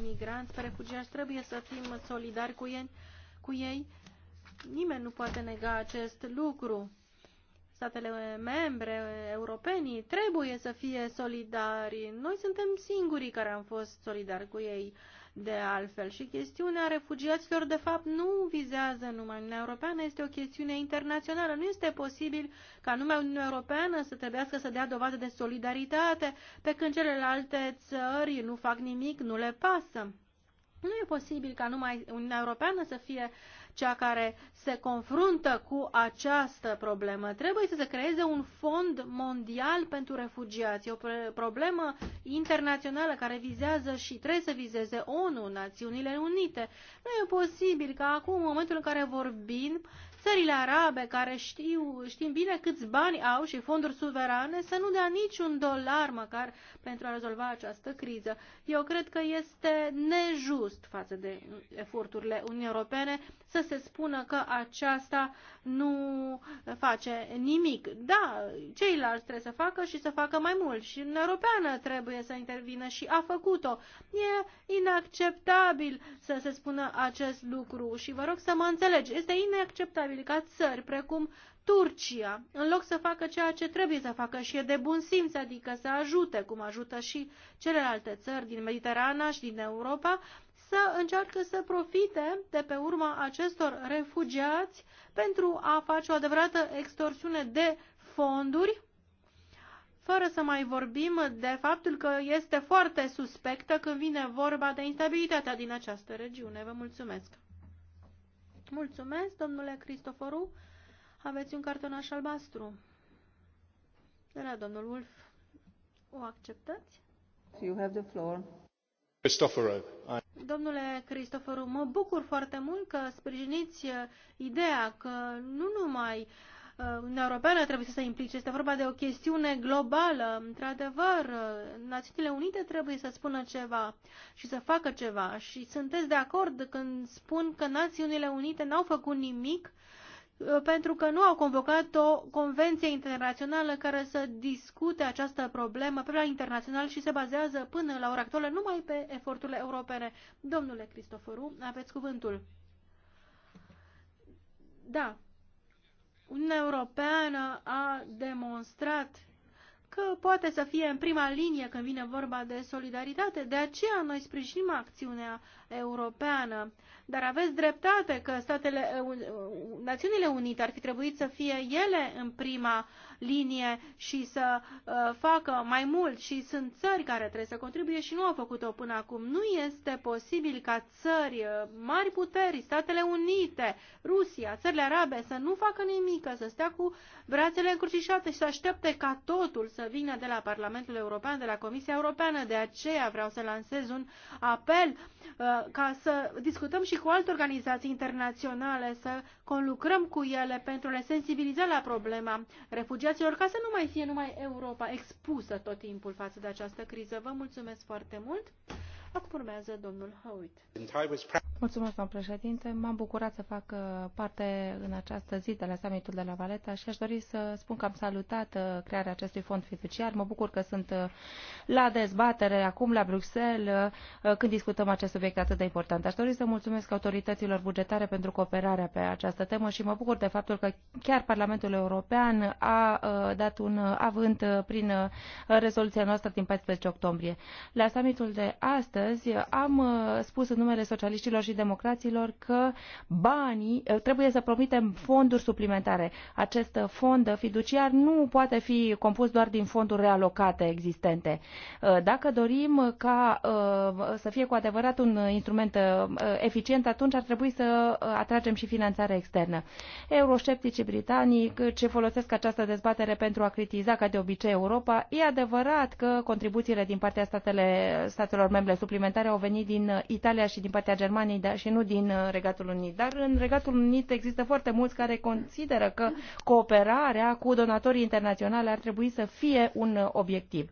imigranți, pe refugiați, trebuie să fim solidari cu ei, cu ei. Nimeni nu poate nega acest lucru statele membre, europenii, trebuie să fie solidari. Noi suntem singurii care am fost solidari cu ei de altfel. Și chestiunea refugiaților, de fapt, nu vizează numai Uniunea Europeană, este o chestiune internațională. Nu este posibil ca numai Uniunea Europeană să trebuiască să dea dovadă de solidaritate, pe când celelalte țări nu fac nimic, nu le pasă. Nu e posibil ca numai Uniunea Europeană să fie uh, cea care se confruntă cu această problemă. Trebuie să se creeze un fond mondial pentru refugiați, o problemă internațională care vizează și trebuie să vizeze ONU, Națiunile Unite. Nu e posibil ca acum, în momentul în care vorbim, Țările arabe care știu, știm bine câți bani au și fonduri suverane să nu dea niciun dolar măcar pentru a rezolva această criză. Eu cred că este nejust față de eforturile Uniunii Europene să se spună că aceasta nu face nimic. Da, ceilalți trebuie să facă și să facă mai mult și Uniunea Europeană trebuie să intervină și a făcut-o. E inacceptabil să se spună acest lucru și vă rog să mă înțelegi. Este inacceptabil ridicat țări, precum Turcia, în loc să facă ceea ce trebuie să facă și e de bun simț, adică să ajute, cum ajută și celelalte țări din Mediterana și din Europa, să încearcă să profite de pe urma acestor refugiați pentru a face o adevărată extorsiune de fonduri fără să mai vorbim de faptul că este foarte suspectă când vine vorba de instabilitatea din această regiune. Vă mulțumesc! Mulțumesc, domnule Cristoforu. Aveți un cartonaș albastru. De la domnul Wolf. O acceptați? You have the floor. Cristoforu. I... Domnule Cristoforu, mă bucur foarte mult că sprijiniți uh, ideea că nu numai uh, Uniunea Europeană trebuie să se implice. Este vorba de o chestiune globală. Într-adevăr, Națiunile Unite trebuie să spună ceva și să facă ceva. Și sunteți de acord când spun că Națiunile Unite n-au făcut nimic uh, pentru că nu au convocat o convenție internațională care să discute această problemă pe plan internațional și se bazează până la ora actuală numai pe eforturile europene. Domnule Cristoforu, aveți cuvântul. Da, Uniunea Europeană a demonstrat că poate să fie în prima linie când vine vorba de solidaritate. De aceea noi sprijinim acțiunea europeană. Dar aveți dreptate că statele, Națiunile Unite ar fi trebuit să fie ele în prima linie și să uh, facă mai mult și sunt țări care trebuie să contribuie și nu au făcut-o până acum. Nu este posibil ca țări, uh, mari puteri, Statele Unite, Rusia, țările arabe să nu facă nimic, să stea cu brațele încrucișate și să aștepte ca totul să vină de la Parlamentul European, de la Comisia Europeană. De aceea vreau să lansez un apel uh, ca să discutăm și cu alte organizații internaționale, să conlucrăm cu ele pentru a le sensibiliza la problema refugiaților fraților, ca să nu mai fie numai Europa expusă tot timpul față de această criză. Vă mulțumesc foarte mult! Acum urmează domnul Howitt. Mulțumesc, domnul președinte. M-am bucurat să fac uh, parte în această zi de la summitul de la Valeta și aș dori să spun că am salutat uh, crearea acestui fond fiduciar. Mă bucur că sunt uh, la dezbatere acum la Bruxelles când discutăm acest subiect atât de important. Aș dori să mulțumesc autorităților bugetare pentru cooperarea pe această temă și mă bucur de faptul că chiar Parlamentul European a dat un avânt prin rezoluția noastră din 14 octombrie. La summitul de astăzi astăzi am uh, spus în numele socialiștilor și democraților că banii, uh, trebuie să promitem fonduri suplimentare. Acest fond fiduciar nu poate fi compus doar din fonduri realocate existente. Uh, dacă dorim ca să fie cu adevărat un instrument eficient, atunci ar trebui să atragem și finanțare externă. Euroscepticii britanic ce folosesc această dezbatere pentru a critiza ca de obicei Europa, e adevărat că contribuțiile din partea statele, statelor membre suplimentare suplimentare au venit din uh, Italia și din partea Germaniei dar și nu din uh, Regatul Unit. Dar în Regatul Unit există foarte mulți care consideră că cooperarea cu donatorii internaționali ar trebui să fie un uh, obiectiv.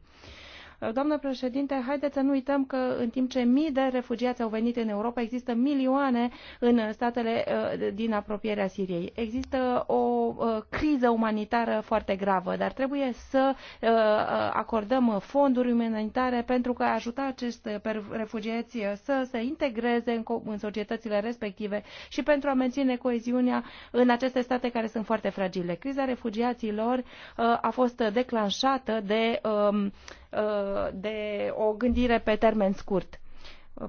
Doamnă președinte, haideți să nu uităm că în timp ce mii de refugiați au venit în Europa, există milioane în statele uh, din apropierea Siriei. Există o uh, criză umanitară foarte gravă, dar trebuie să uh, acordăm fonduri umanitare pentru că a ajuta acești refugiați să se integreze în societățile respective și pentru a menține coeziunea în aceste state care sunt foarte fragile. Criza refugiaților a fost declanșată de um, Uh, de o gândire pe termen scurt. Uh,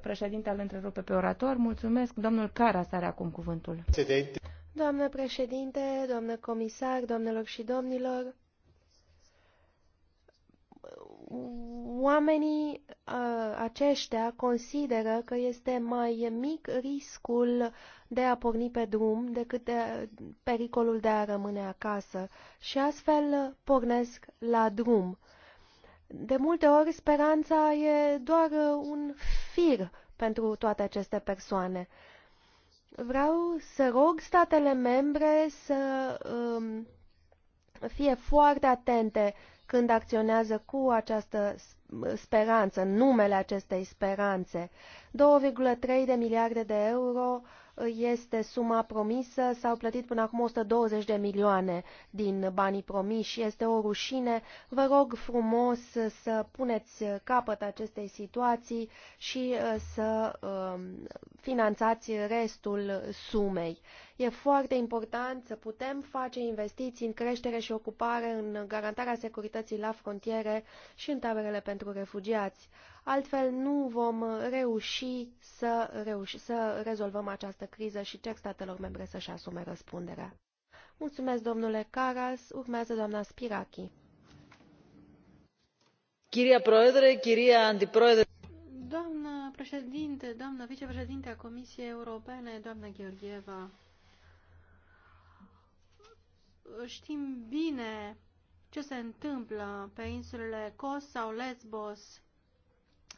Președintele îl întrerupe pe orator. Mulțumesc. Domnul Caras are acum cuvântul. Doamnă președinte, doamnă comisar, doamnelor și domnilor, oamenii uh, aceștia consideră că este mai mic riscul de a porni pe drum decât de pericolul de a rămâne acasă și astfel pornesc la drum de multe ori, speranța e doar uh, un fir pentru toate aceste persoane. Vreau să rog statele membre să um, fie foarte atente când acționează cu această uh, speranță, numele acestei speranțe. 2,3 de miliarde de euro este suma promisă, s-au plătit până acum 120 de milioane din banii promiși, este o rușine. Vă rog frumos să puneți capăt acestei situații și uh, să um, finanțați restul sumei. E foarte important să putem face investiții în creștere și ocupare, în garantarea securității la frontiere și în taberele pentru refugiați altfel nu vom reuși să, reuși să rezolvăm această criză și cer statelor membre să-și asume răspunderea. Mulțumesc, domnule Caras. Urmează doamna Spirachi. Chiria proedere, Chiria antiproedere. Doamnă președinte, doamnă vicepreședinte a Comisiei Europene, doamnă Gheorgheva, știm bine ce se întâmplă pe insulele Kos sau Lesbos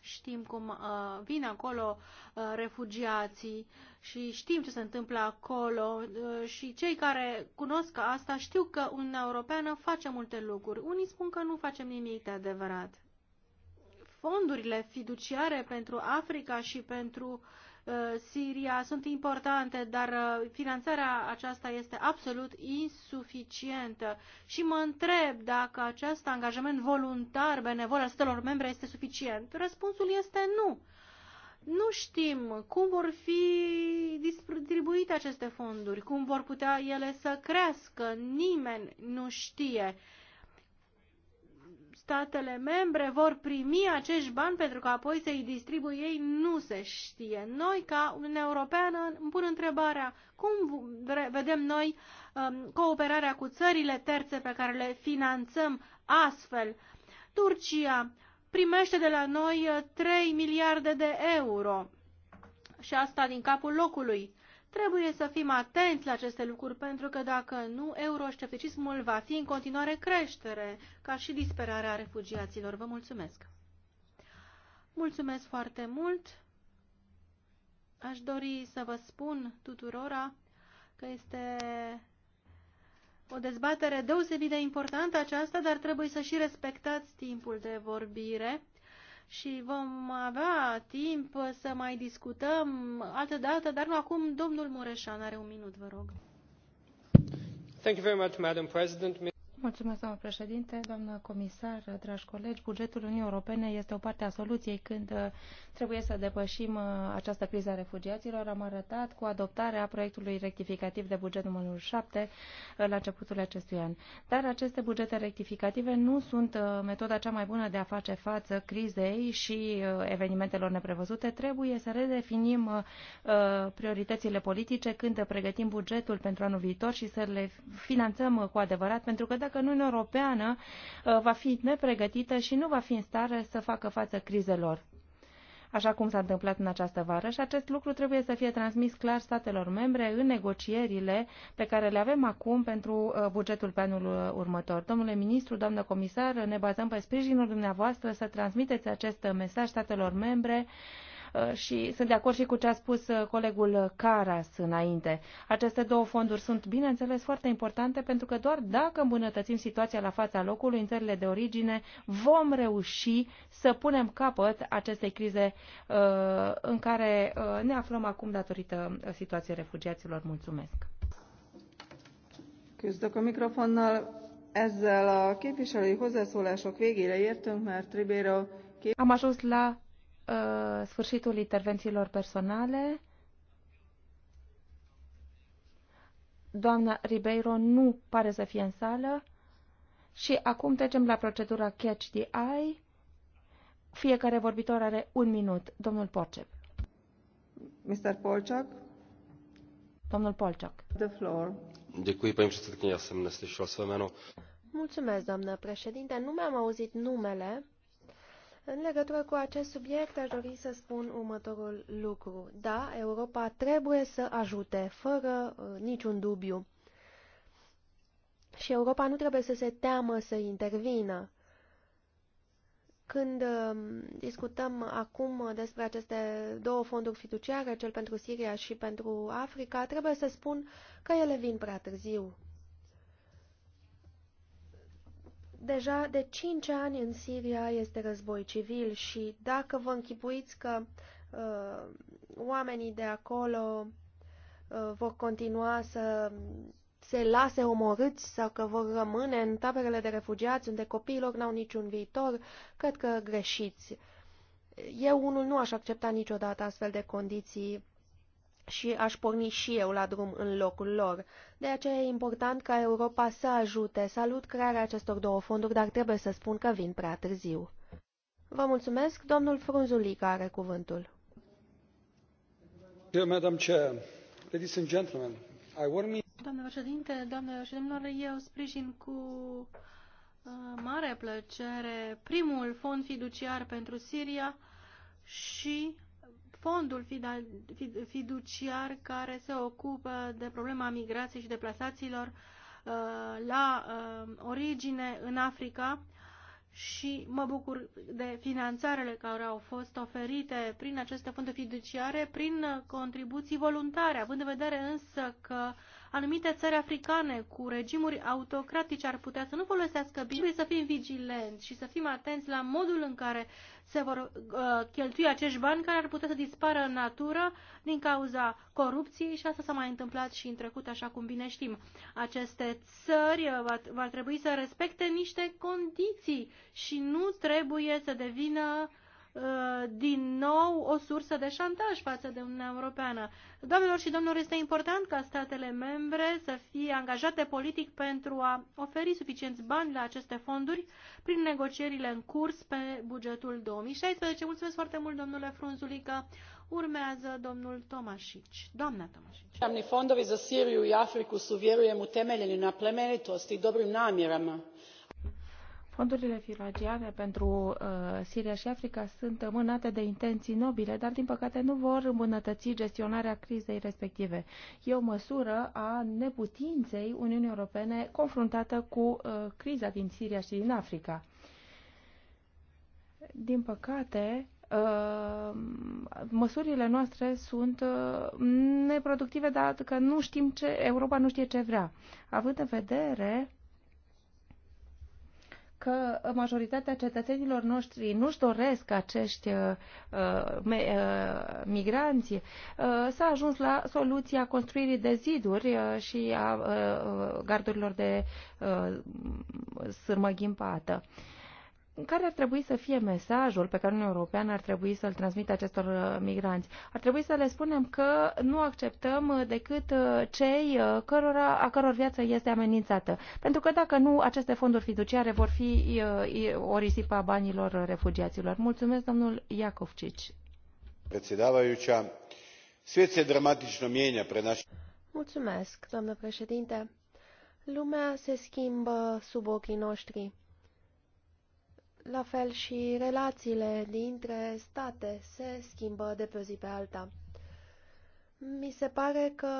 Știm cum uh, vin acolo uh, refugiații și știm ce se întâmplă acolo uh, și cei care cunosc asta știu că Uniunea Europeană face multe lucruri. Unii spun că nu facem nimic de adevărat. Fondurile fiduciare pentru Africa și pentru Uh, Siria sunt importante, dar uh, finanțarea aceasta este absolut insuficientă și mă întreb dacă acest angajament voluntar benevol al statelor membre este suficient. Răspunsul este nu. Nu știm cum vor fi distribuite aceste fonduri, cum vor putea ele să crească, nimeni nu știe. Uh, statele membre vor primi acești bani pentru că apoi să-i distribuie ei, nu se știe. Noi, ca Uniunea Europeană, îmi pun întrebarea, cum vedem noi um, cooperarea cu țările terțe pe care le finanțăm astfel? Turcia primește de la noi 3 uh, miliarde de euro și asta din capul locului. Trebuie să fim atenți la aceste lucruri, pentru că dacă nu, euroscepticismul va fi în continuare creștere, ca și disperarea refugiaților. Vă mulțumesc! Mulțumesc foarte mult! Aș dori să vă spun tuturora că este o dezbatere deosebit de importantă aceasta, dar trebuie să și respectați timpul de vorbire și vom avea timp să mai discutăm altă dată, dar nu acum. Domnul Mureșan are un minut, vă rog. Thank you very much, Madam President. Mulțumesc, doamnă președinte, doamnă comisar, dragi colegi. Bugetul Uniunii Europene este o parte a soluției când uh, trebuie să depășim uh, această criză a refugiaților. Am arătat cu adoptarea proiectului rectificativ de buget numărul 7 uh, la începutul acestui an. Dar aceste bugete rectificative nu sunt metoda cea mai bună de a face față crizei și evenimentelor neprevăzute. Trebuie să redefinim prioritățile politice când pregătim bugetul pentru anul viitor și să le finanțăm cu adevărat, pentru că dacă că Uniunea Europeană uh, va fi nepregătită și nu va fi în stare să facă față crizelor așa cum s-a întâmplat în această vară și acest lucru trebuie să fie transmis clar statelor membre în negocierile pe care le avem acum pentru uh, bugetul pe anul uh, următor. Domnule ministru, doamnă comisar, ne bazăm pe sprijinul dumneavoastră să transmiteți acest mesaj statelor membre uh, Uh, și sunt de acord și cu ce a spus uh, colegul Caras înainte. Aceste două fonduri sunt, bineînțeles, foarte importante pentru că doar dacă îmbunătățim situația la fața locului în țările de origine, vom reuși să punem capăt acestei crize uh, în care ne aflăm acum datorită situației refugiaților. Mulțumesc! Köszönöm a mikrofonnal. Ezzel a képviselői hozzászólások végére értünk, mert Ribeiro Am ajuns la Uh, sfârșitul intervențiilor personale. Doamna Ribeiro nu pare să fie în sală. Și acum trecem la procedura Catch the Eye. Fiecare vorbitor are un minut. Domnul Porcep. Mr. Polčák. Domnul Polčák. The floor. Děkuji, paní předsedkyně, já jsem neslyšel své jméno. Mulțumesc, doamnă președinte. Nu mi-am auzit numele. În legătură cu acest subiect, aș dori să spun următorul lucru. Da, Europa trebuie să ajute, fără uh, niciun dubiu. Și Europa nu trebuie să se teamă să intervină. Când um, discutăm acum despre aceste două fonduri fiduciare, cel pentru Siria și pentru Africa, trebuie să spun că ele vin prea târziu. Deja de 5 ani în Siria este război civil și dacă vă închipuiți că uh, oamenii de acolo uh, vor continua să se lase omorâți sau că vor rămâne în taberele de refugiați unde copiilor n-au niciun viitor, cred că greșiți. Eu unul nu aș accepta niciodată astfel de condiții și aș porni și eu la drum în locul lor. De aceea e important ca Europa să ajute. Salut crearea acestor două fonduri, dar trebuie să spun că vin prea târziu. Vă mulțumesc. Domnul Frunzulica are cuvântul. Madam Chair, ladies and gentlemen, I warmly... președinte, doamne și domnilor, eu sprijin cu uh, mare plăcere primul fond fiduciar pentru Siria și fondul fiduciar care se ocupă de problema migrației și deplasațiilor uh, la uh, origine în Africa și mă bucur de finanțarele care au fost oferite prin aceste fonduri fiduciare, prin contribuții voluntare, având în vedere însă că uh, anumite țări africane cu regimuri autocratice ar putea să nu folosească bine, să fim vigilenți și să fim atenți la modul în care se vor uh, cheltui acești bani care ar putea să dispară în natură din cauza corupției și asta s-a mai întâmplat și în trecut, așa cum bine știm. Aceste țări uh, va trebui să respecte niște condiții și nu trebuie să devină Uh, din nou o sursă de șantaj față de Uniunea Europeană. Doamnelor și domnilor, este important ca statele membre să fie angajate politic pentru a oferi suficienți bani la aceste fonduri prin negocierile în curs pe bugetul 2016. Mulțumesc foarte mult, domnule Frunzulică. Urmează domnul Tomašić. Doamna Tomašić. Doamne, fondurile pentru Siriu și Africa sunt, vjerujem, utemeljeni na plemenitosti i dobrim namirama. Fondurile financiare pentru uh, Siria și Africa sunt mânate de intenții nobile, dar din păcate nu vor îmbunătăți gestionarea crizei respective. E o măsură a neputinței Uniunii Europene confruntată cu uh, criza din Siria și din Africa. Din păcate, uh, măsurile noastre sunt uh, neproductive, dar că nu știm ce, Europa nu știe ce vrea. Având în vedere că majoritatea cetățenilor noștri nu-și doresc acești uh, me, uh, migranți, uh, s-a ajuns la soluția construirii de ziduri uh, și a uh, uh gardurilor de uh, sârmă ghimpată. Uh, care ar trebui să fie mesajul pe care Uniunea Europeană ar trebui să-l transmită acestor uh, migranți? Ar trebui să le spunem că nu acceptăm uh, decât uh, cei cărora, a căror viață este amenințată. Pentru că dacă nu, aceste fonduri fiduciare vor fi o risipă a banilor refugiaților. Mulțumesc, domnul Iacovcici. Mulțumesc, doamnă președinte. Lumea se schimbă sub ochii noștri. La fel și relațiile dintre state se schimbă de pe o zi pe alta. Mi se pare că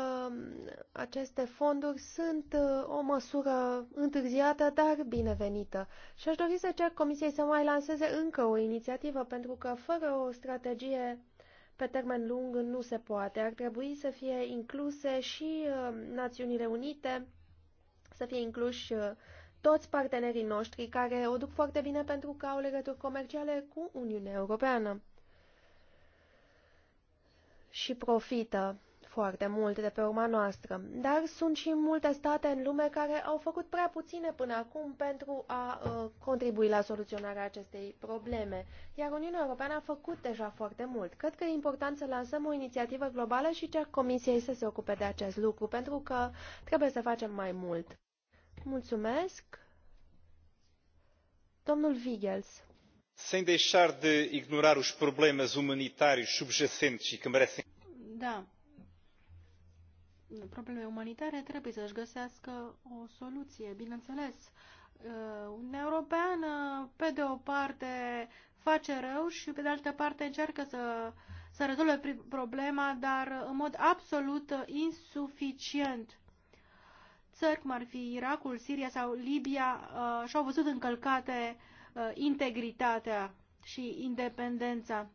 aceste fonduri sunt uh, o măsură întârziată, dar binevenită. Și aș dori să cer Comisiei să mai lanseze încă o inițiativă, pentru că fără o strategie pe termen lung nu se poate. Ar trebui să fie incluse și uh, Națiunile Unite, să fie incluși uh, toți partenerii noștri care o duc foarte bine pentru că au legături comerciale cu Uniunea Europeană și profită foarte mult de pe urma noastră. Dar sunt și multe state în lume care au făcut prea puține până acum pentru a uh, contribui la soluționarea acestei probleme, iar Uniunea Europeană a făcut deja foarte mult. Cred că e important să lansăm o inițiativă globală și cer Comisiei să se ocupe de acest lucru, pentru că trebuie să facem mai mult. Mulțumesc. Domnul Vigels. Sem deixar de ignorar os problemas humanitários subjacentes e que merecem. Da. Probleme umanitare trebuie să-și găsească o soluție, bineînțeles. Uh, Uniunea Europeană, pe de o parte, face rău și pe de altă parte încearcă să, să rezolve problema, dar în mod absolut insuficient țări, cum ar fi Irakul, Siria sau Libia, uh, și-au văzut încălcate uh, integritatea și independența.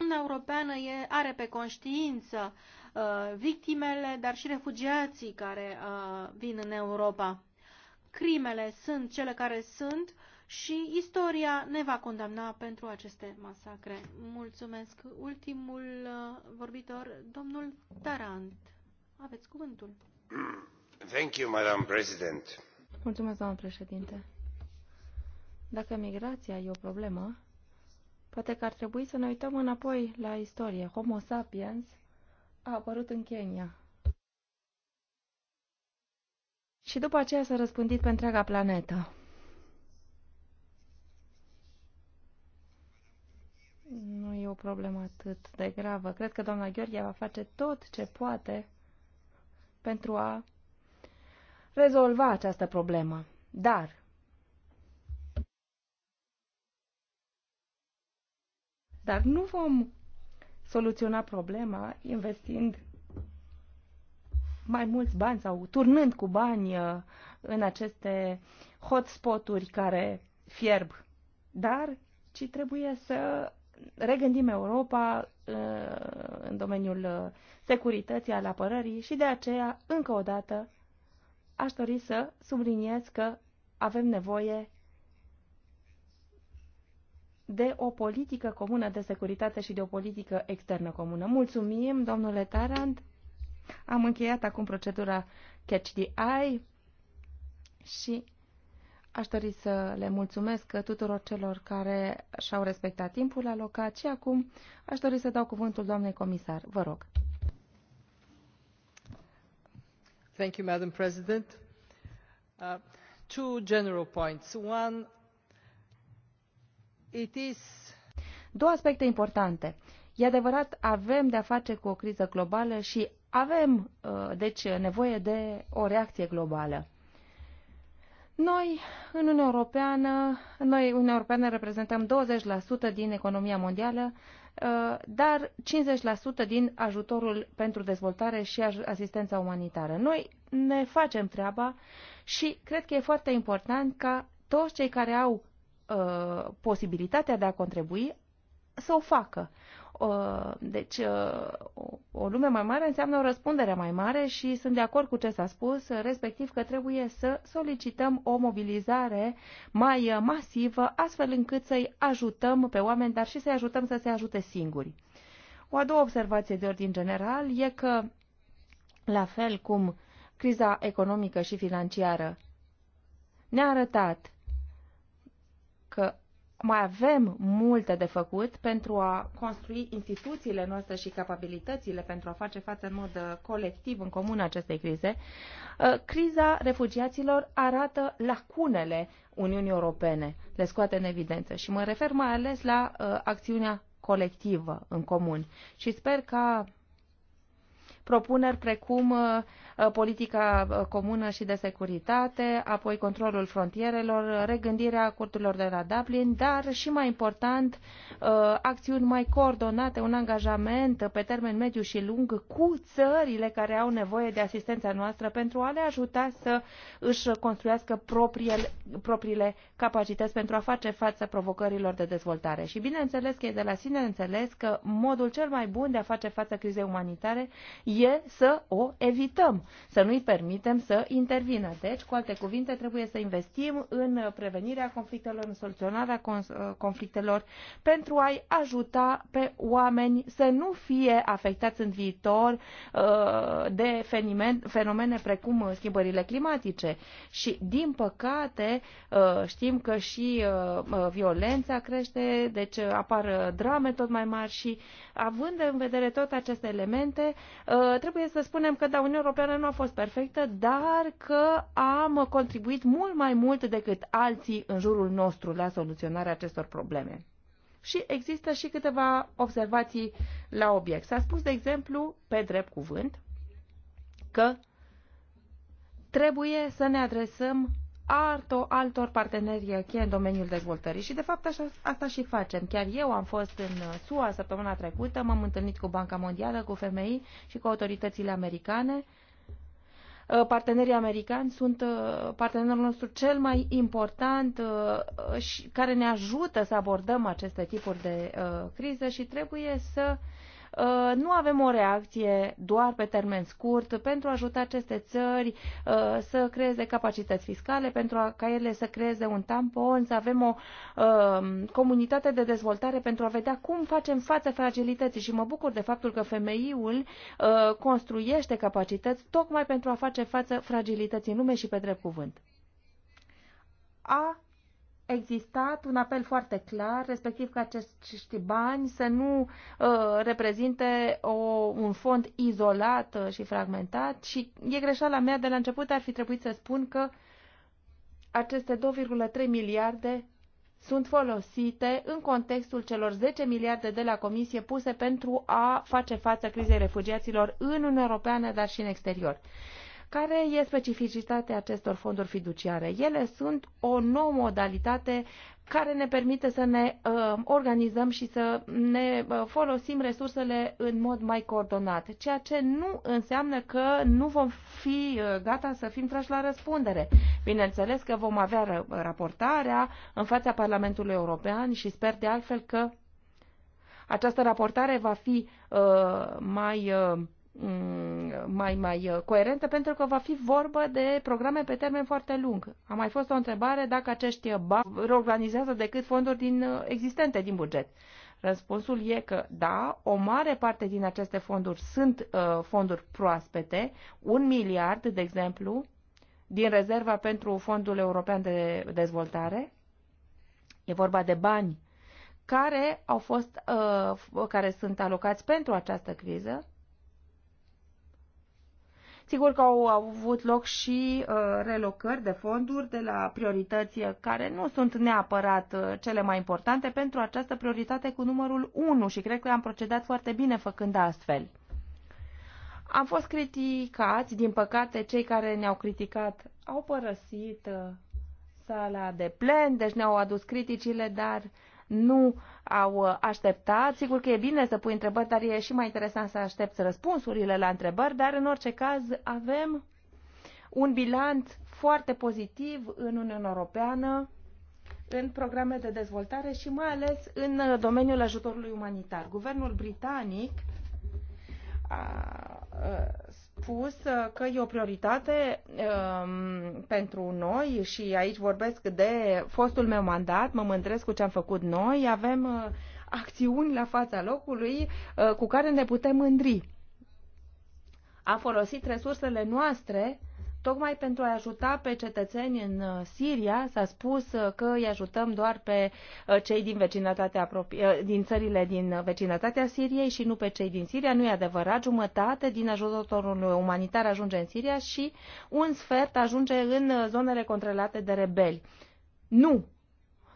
Uniunea Europeană e, are pe conștiință uh, victimele, dar și refugiații care uh, vin în Europa. Crimele sunt cele care sunt și istoria ne va condamna pentru aceste masacre. Mulțumesc. Ultimul uh, vorbitor, domnul Tarant. Aveți cuvântul. Mulțumesc, doamnă președinte. Dacă migrația e o problemă, poate că ar trebui să ne uităm înapoi la istorie. Homo sapiens a apărut în Kenya. Și după aceea s-a răspândit pe întreaga planetă. Nu e o problemă atât de gravă. Cred că doamna Gheorghe va face tot ce poate pentru a rezolva această problemă. Dar Dar nu vom soluționa problema investind mai mulți bani sau turnând cu bani uh, în aceste hotspoturi care fierb. Dar ci trebuie să regândim Europa uh, în domeniul uh, securității, al apărării și de aceea, încă o dată, aș dori să subliniez că avem nevoie de o politică comună de securitate și de o politică externă comună. Mulțumim, domnule Tarand. Am încheiat acum procedura Catch the Eye și aș dori să le mulțumesc tuturor celor care și-au respectat timpul alocat și acum aș dori să dau cuvântul doamnei comisar. Vă rog. madam president uh, two general points. două aspecte importante. E adevărat, avem de-a face cu o criză globală și avem, uh, deci, nevoie de o reacție globală. Noi, în Uniunea Europeană, noi, Uniunea Europeană, reprezentăm 20% din economia mondială, uh, dar 50% din ajutorul pentru dezvoltare și asistența umanitară. Noi ne facem treaba și cred că e foarte important ca toți cei care au uh, posibilitatea de a contribui să o facă. Uh, deci, uh, o lume mai mare înseamnă o răspundere mai mare și sunt de acord cu ce s-a spus, respectiv că trebuie să solicităm o mobilizare mai uh, masivă, astfel încât să-i ajutăm pe oameni, dar și să-i ajutăm să se ajute singuri. O a doua observație de ordin general e că, la fel cum criza economică și financiară ne-a arătat că mai avem multe de făcut pentru a construi instituțiile noastre și capabilitățile pentru a face față în mod uh, colectiv, în comun acestei crize. Uh, criza refugiaților arată lacunele Uniunii Europene, le scoate în evidență și mă refer mai ales la uh, acțiunea colectivă, în comun. Și sper ca propuneri precum uh, uh, politica uh, comună și de securitate, apoi controlul frontierelor, regândirea acordurilor de la Dublin, dar și mai important, acțiuni mai coordonate, un angajament pe termen mediu și lung cu țările care au nevoie de asistența noastră pentru a le ajuta să își construiască propriile, propriile capacități pentru a face față provocărilor de dezvoltare. Și bineînțeles că e de la sine înțeles că modul cel mai bun de a face față crizei umanitare e să o evităm, să nu-i permitem să intervină. Deci, cu alte cuvinte, trebuie să investim în prevenirea conflictelor, în soluționarea uh, conflictelor, pentru a-i ajuta pe oameni să nu fie afectați în viitor uh, de fenomene precum schimbările climatice. Și, din păcate, uh, știm că și violența crește, deci apar drame tot mai mari și, având în vedere toate aceste elemente, trebuie să spunem că, da, Uniunea Europeană nu a fost perfectă, dar că am contribuit mult mai mult decât alții în jurul nostru la soluționarea acestor probleme. Și există și câteva observații la obiect. S-a spus, de exemplu, pe drept cuvânt, că trebuie să ne adresăm alto, altor parteneri cheie în domeniul dezvoltării. Și, de fapt, așa, asta și facem. Chiar eu am fost în uh, SUA săptămâna trecută, m-am întâlnit cu Banca Mondială, cu FMI și cu autoritățile americane. Uh, partenerii americani sunt uh, partenerul nostru cel mai important și care ne ajută să abordăm aceste tipuri de criză și trebuie să Uh, nu avem o reacție doar pe termen scurt pentru a ajuta aceste țări uh, să creeze capacități fiscale, pentru a, ca ele să creeze un tampon, să avem o uh, comunitate de dezvoltare pentru a vedea cum facem față fragilității. Și mă bucur de faptul că femeiul construiește capacități tocmai pentru a face față fragilității în lume și pe drept cuvânt. A existat un apel foarte clar, respectiv că acești bani să nu uh, reprezinte o, un fond izolat uh, și fragmentat și e greșeala mea de la început, ar fi trebuit să spun că aceste 2,3 miliarde sunt folosite în contextul celor 10 miliarde de la Comisie puse pentru a face față crizei refugiaților în Uniunea Europeană, dar și în exterior. Care e specificitatea acestor fonduri fiduciare? Ele sunt o nouă modalitate care ne permite să ne uh, organizăm și să ne uh, folosim resursele în mod mai coordonat, ceea ce nu înseamnă că nu vom fi uh, gata să fim trași la răspundere. Bineînțeles că vom avea raportarea în fața Parlamentului European și sper de altfel că această raportare va fi uh, mai uh, Mm, mai, mai uh, coerentă pentru că va fi vorba de programe pe termen foarte lung. A mai fost o întrebare dacă acești bani reorganizează decât fonduri din, uh, existente din buget. Răspunsul e că da, o mare parte din aceste fonduri sunt uh, fonduri proaspete, un miliard, de exemplu, din rezerva pentru Fondul European de Dezvoltare. E vorba de bani care au fost, uh, care sunt alocați pentru această criză Sigur că au avut loc și uh, relocări de fonduri de la priorități care nu sunt neapărat uh, cele mai importante pentru această prioritate cu numărul 1 și cred că am procedat foarte bine făcând astfel. Am fost criticați, din păcate cei care ne-au criticat au părăsit uh, sala de plen, deci ne-au adus criticile, dar nu au uh, așteptat. Sigur că e bine să pui întrebări, dar e și mai interesant să aștepți răspunsurile la întrebări, dar în orice caz avem un bilanț foarte pozitiv în Uniunea Europeană, în programe de dezvoltare și mai ales în uh, domeniul ajutorului umanitar. Guvernul britanic a, a, uh, spus uh, că e o prioritate um, pentru noi și aici vorbesc de fostul meu mandat, mă mândresc cu ce am făcut noi, avem uh, acțiuni la fața locului uh, cu care ne putem mândri. Am folosit resursele noastre uh, Tocmai pentru a ajuta pe cetățeni în uh, Siria, s-a spus uh, că îi ajutăm doar pe uh, cei din, vecinătatea din țările din vecinătatea Siriei și nu pe cei din Siria. Nu e adevărat, jumătate din ajutorul umanitar ajunge în Siria și un sfert ajunge în zonele controlate de rebeli. Nu!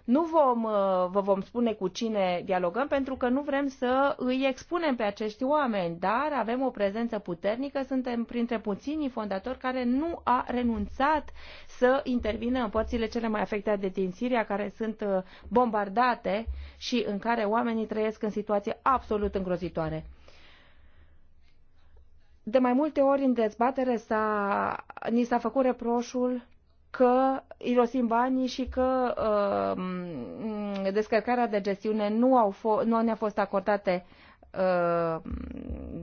Nu vom, uh, vă vom spune cu cine dialogăm pentru că nu vrem să îi expunem pe acești oameni, dar avem o prezență puternică, suntem printre puținii fondatori care nu a renunțat să intervină în părțile cele mai afectate din Siria, care sunt uh, bombardate și în care oamenii trăiesc în situație absolut îngrozitoare. De mai multe ori în dezbatere s-a, ni s-a făcut reproșul că irosim banii și că uh, descărcarea de gestiune nu, au fo- nu ne-a fost acordate uh,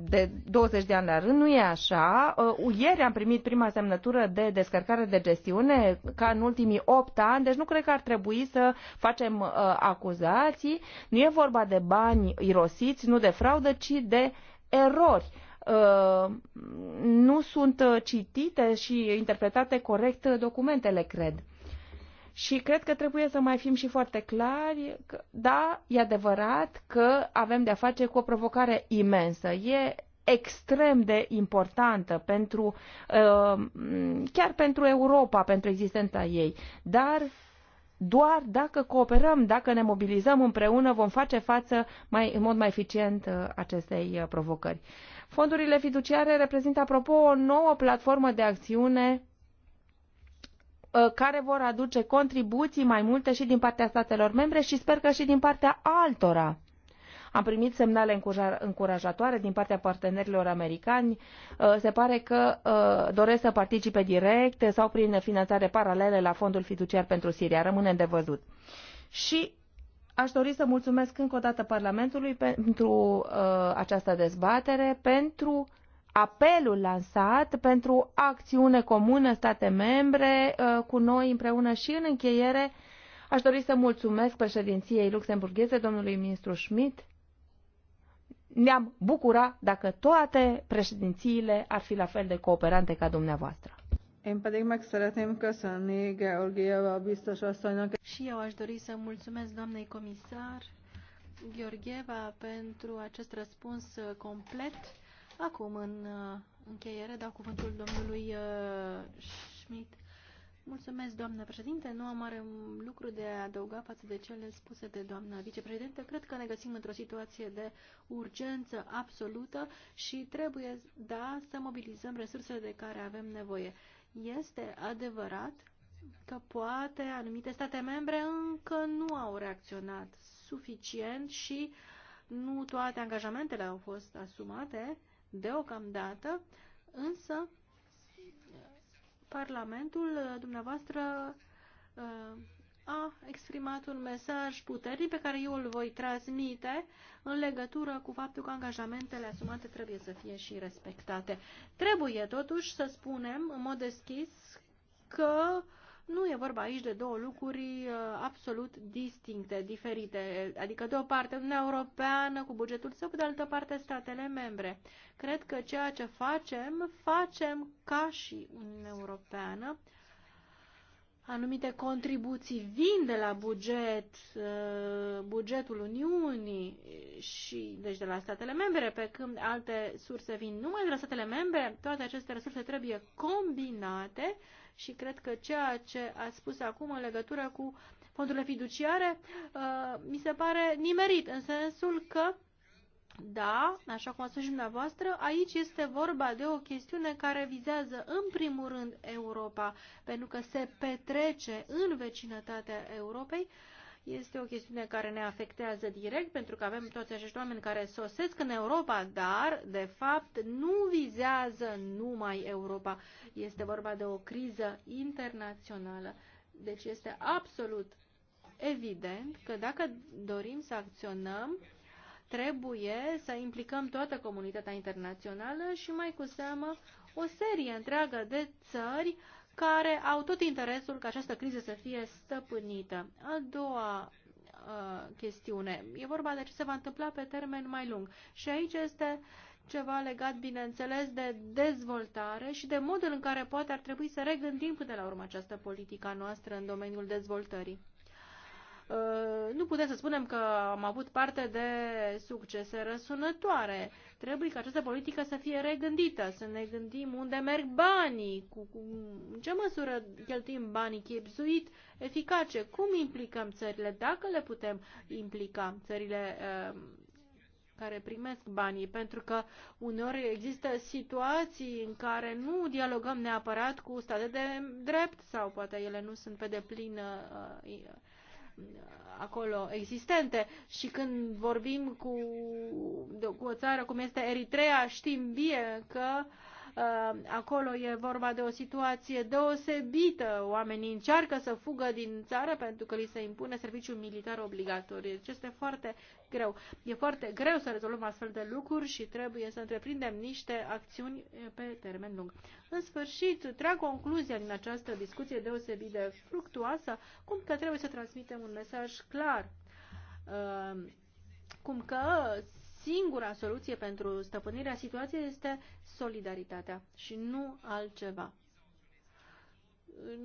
de 20 de ani la rând, nu e așa. Uh, ieri am primit prima semnătură de descărcare de gestiune, ca în ultimii 8 ani, deci nu cred că ar trebui să facem uh, acuzații. Nu e vorba de bani irosiți, nu de fraudă, ci de erori Uh, nu sunt uh, citite și interpretate corect uh, documentele, cred. Și cred că trebuie să mai fim și foarte clari că, da, e adevărat că avem de-a face cu o provocare imensă. E extrem de importantă pentru, chiar pentru Europa, pentru existența ei. Dar doar dacă cooperăm, dacă ne mobilizăm împreună, vom face față mai, în mod mai eficient acestei provocări. Fondurile fiduciare reprezintă, apropo, o nouă platformă de acțiune ă, care vor aduce contribuții mai multe și din partea statelor membre și sper că și din partea altora. Am primit semnale încurajatoare din partea partenerilor americani. Ă, se pare că ă, doresc să participe direct sau prin finanțare paralele la Fondul Fiduciar pentru Siria. Rămâne de văzut. Și Aș dori să mulțumesc încă o dată Parlamentului pentru uh, această dezbatere, pentru apelul lansat pentru acțiune comună state membre uh, cu noi împreună și în încheiere. Aș dori să mulțumesc președinției luxemburgheze, domnului ministru Schmidt. Ne-am bucura dacă toate președințiile ar fi la fel de cooperante ca dumneavoastră. Én pedig meg szeretném köszönni Georgieva biztos asszonynak. Și eu aș dori să mulțumesc doamnei comisar Georgieva pentru acest răspuns uh, complet. Acum, în uh, încheiere, dau cuvântul domnului uh, Schmidt. Mulțumesc, doamnă președinte. Nu am mare lucru de adăugat față de cele spuse de doamna vicepreședinte. Cred că ne găsim într-o situație de urgență absolută și trebuie, da, să mobilizăm resursele de care avem nevoie. Este adevărat că poate anumite state membre încă nu au reacționat suficient și nu toate angajamentele au fost asumate deocamdată, însă Parlamentul dumneavoastră uh, a exprimat un mesaj puternic pe care eu îl voi transmite în legătură cu faptul că angajamentele asumate trebuie să fie și respectate. Trebuie totuși să spunem în mod deschis că nu e vorba aici de două lucruri uh, absolut distincte, diferite, adică de o parte Uniunea Europeană cu bugetul său, de altă parte statele membre. Cred că ceea ce facem, facem ca și Uniunea Europeană, anumite contribuții vin de la buget, uh, bugetul Uniunii și deci de la statele membre, pe când alte surse vin numai de la statele membre, toate aceste resurse trebuie combinate și cred că ceea ce a spus acum în legătură cu fondurile fiduciare uh, mi se pare nimerit, în sensul că da, așa cum a spus și dumneavoastră, aici este vorba de o chestiune care vizează în primul rând Europa, pentru că se petrece în vecinătatea Europei. Este o chestiune care ne afectează direct, pentru că avem toți acești oameni care sosesc în Europa, dar, de fapt, nu vizează numai Europa. Este vorba de o criză internațională. Deci este absolut evident că dacă dorim să acționăm, trebuie să implicăm toată comunitatea internațională și mai cu seamă o serie întreagă de țări care au tot interesul ca această criză să fie stăpânită. A doua uh, chestiune. E vorba de ce se va întâmpla pe termen mai lung. Și aici este ceva legat, bineînțeles, de dezvoltare și de modul în care poate ar trebui să regândim până la urmă această politică noastră în domeniul dezvoltării. Uh, nu putem să spunem că am avut parte de succese răsunătoare. Trebuie ca această politică să fie regândită, să ne gândim unde merg banii, cu, cu, în ce măsură cheltuim banii chipzuit, eficace, cum implicăm țările, dacă le putem implica țările uh, care primesc banii, pentru că uneori există situații în care nu dialogăm neapărat cu state de drept sau poate ele nu sunt pe deplin uh, acolo existente și când vorbim cu, cu o țară cum este Eritrea, știm bine că uh, Uh, acolo e vorba de o situație deosebită. Oamenii încearcă să fugă din țară pentru că li se impune serviciul militar obligatoriu. Deci este foarte greu. E foarte greu să rezolvăm astfel de lucruri și trebuie să întreprindem niște acțiuni pe termen lung. În sfârșit, trag concluzia din această discuție deosebit de fructuoasă, cum că trebuie să transmitem un mesaj clar uh, cum că singura soluție pentru stăpânirea situației este solidaritatea și nu altceva.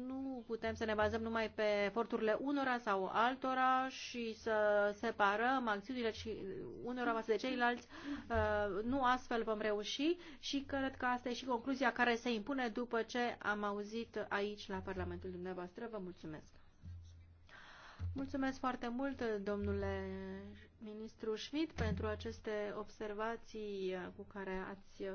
Nu putem să ne bazăm numai pe eforturile unora sau altora și să separăm acțiunile și unora față de ceilalți. Uh, nu astfel vom reuși și cred că asta e și concluzia care se impune după ce am auzit aici la Parlamentul dumneavoastră. Vă mulțumesc! Mulțumesc foarte mult, domnule ministru Schmidt, pentru aceste observații cu care ați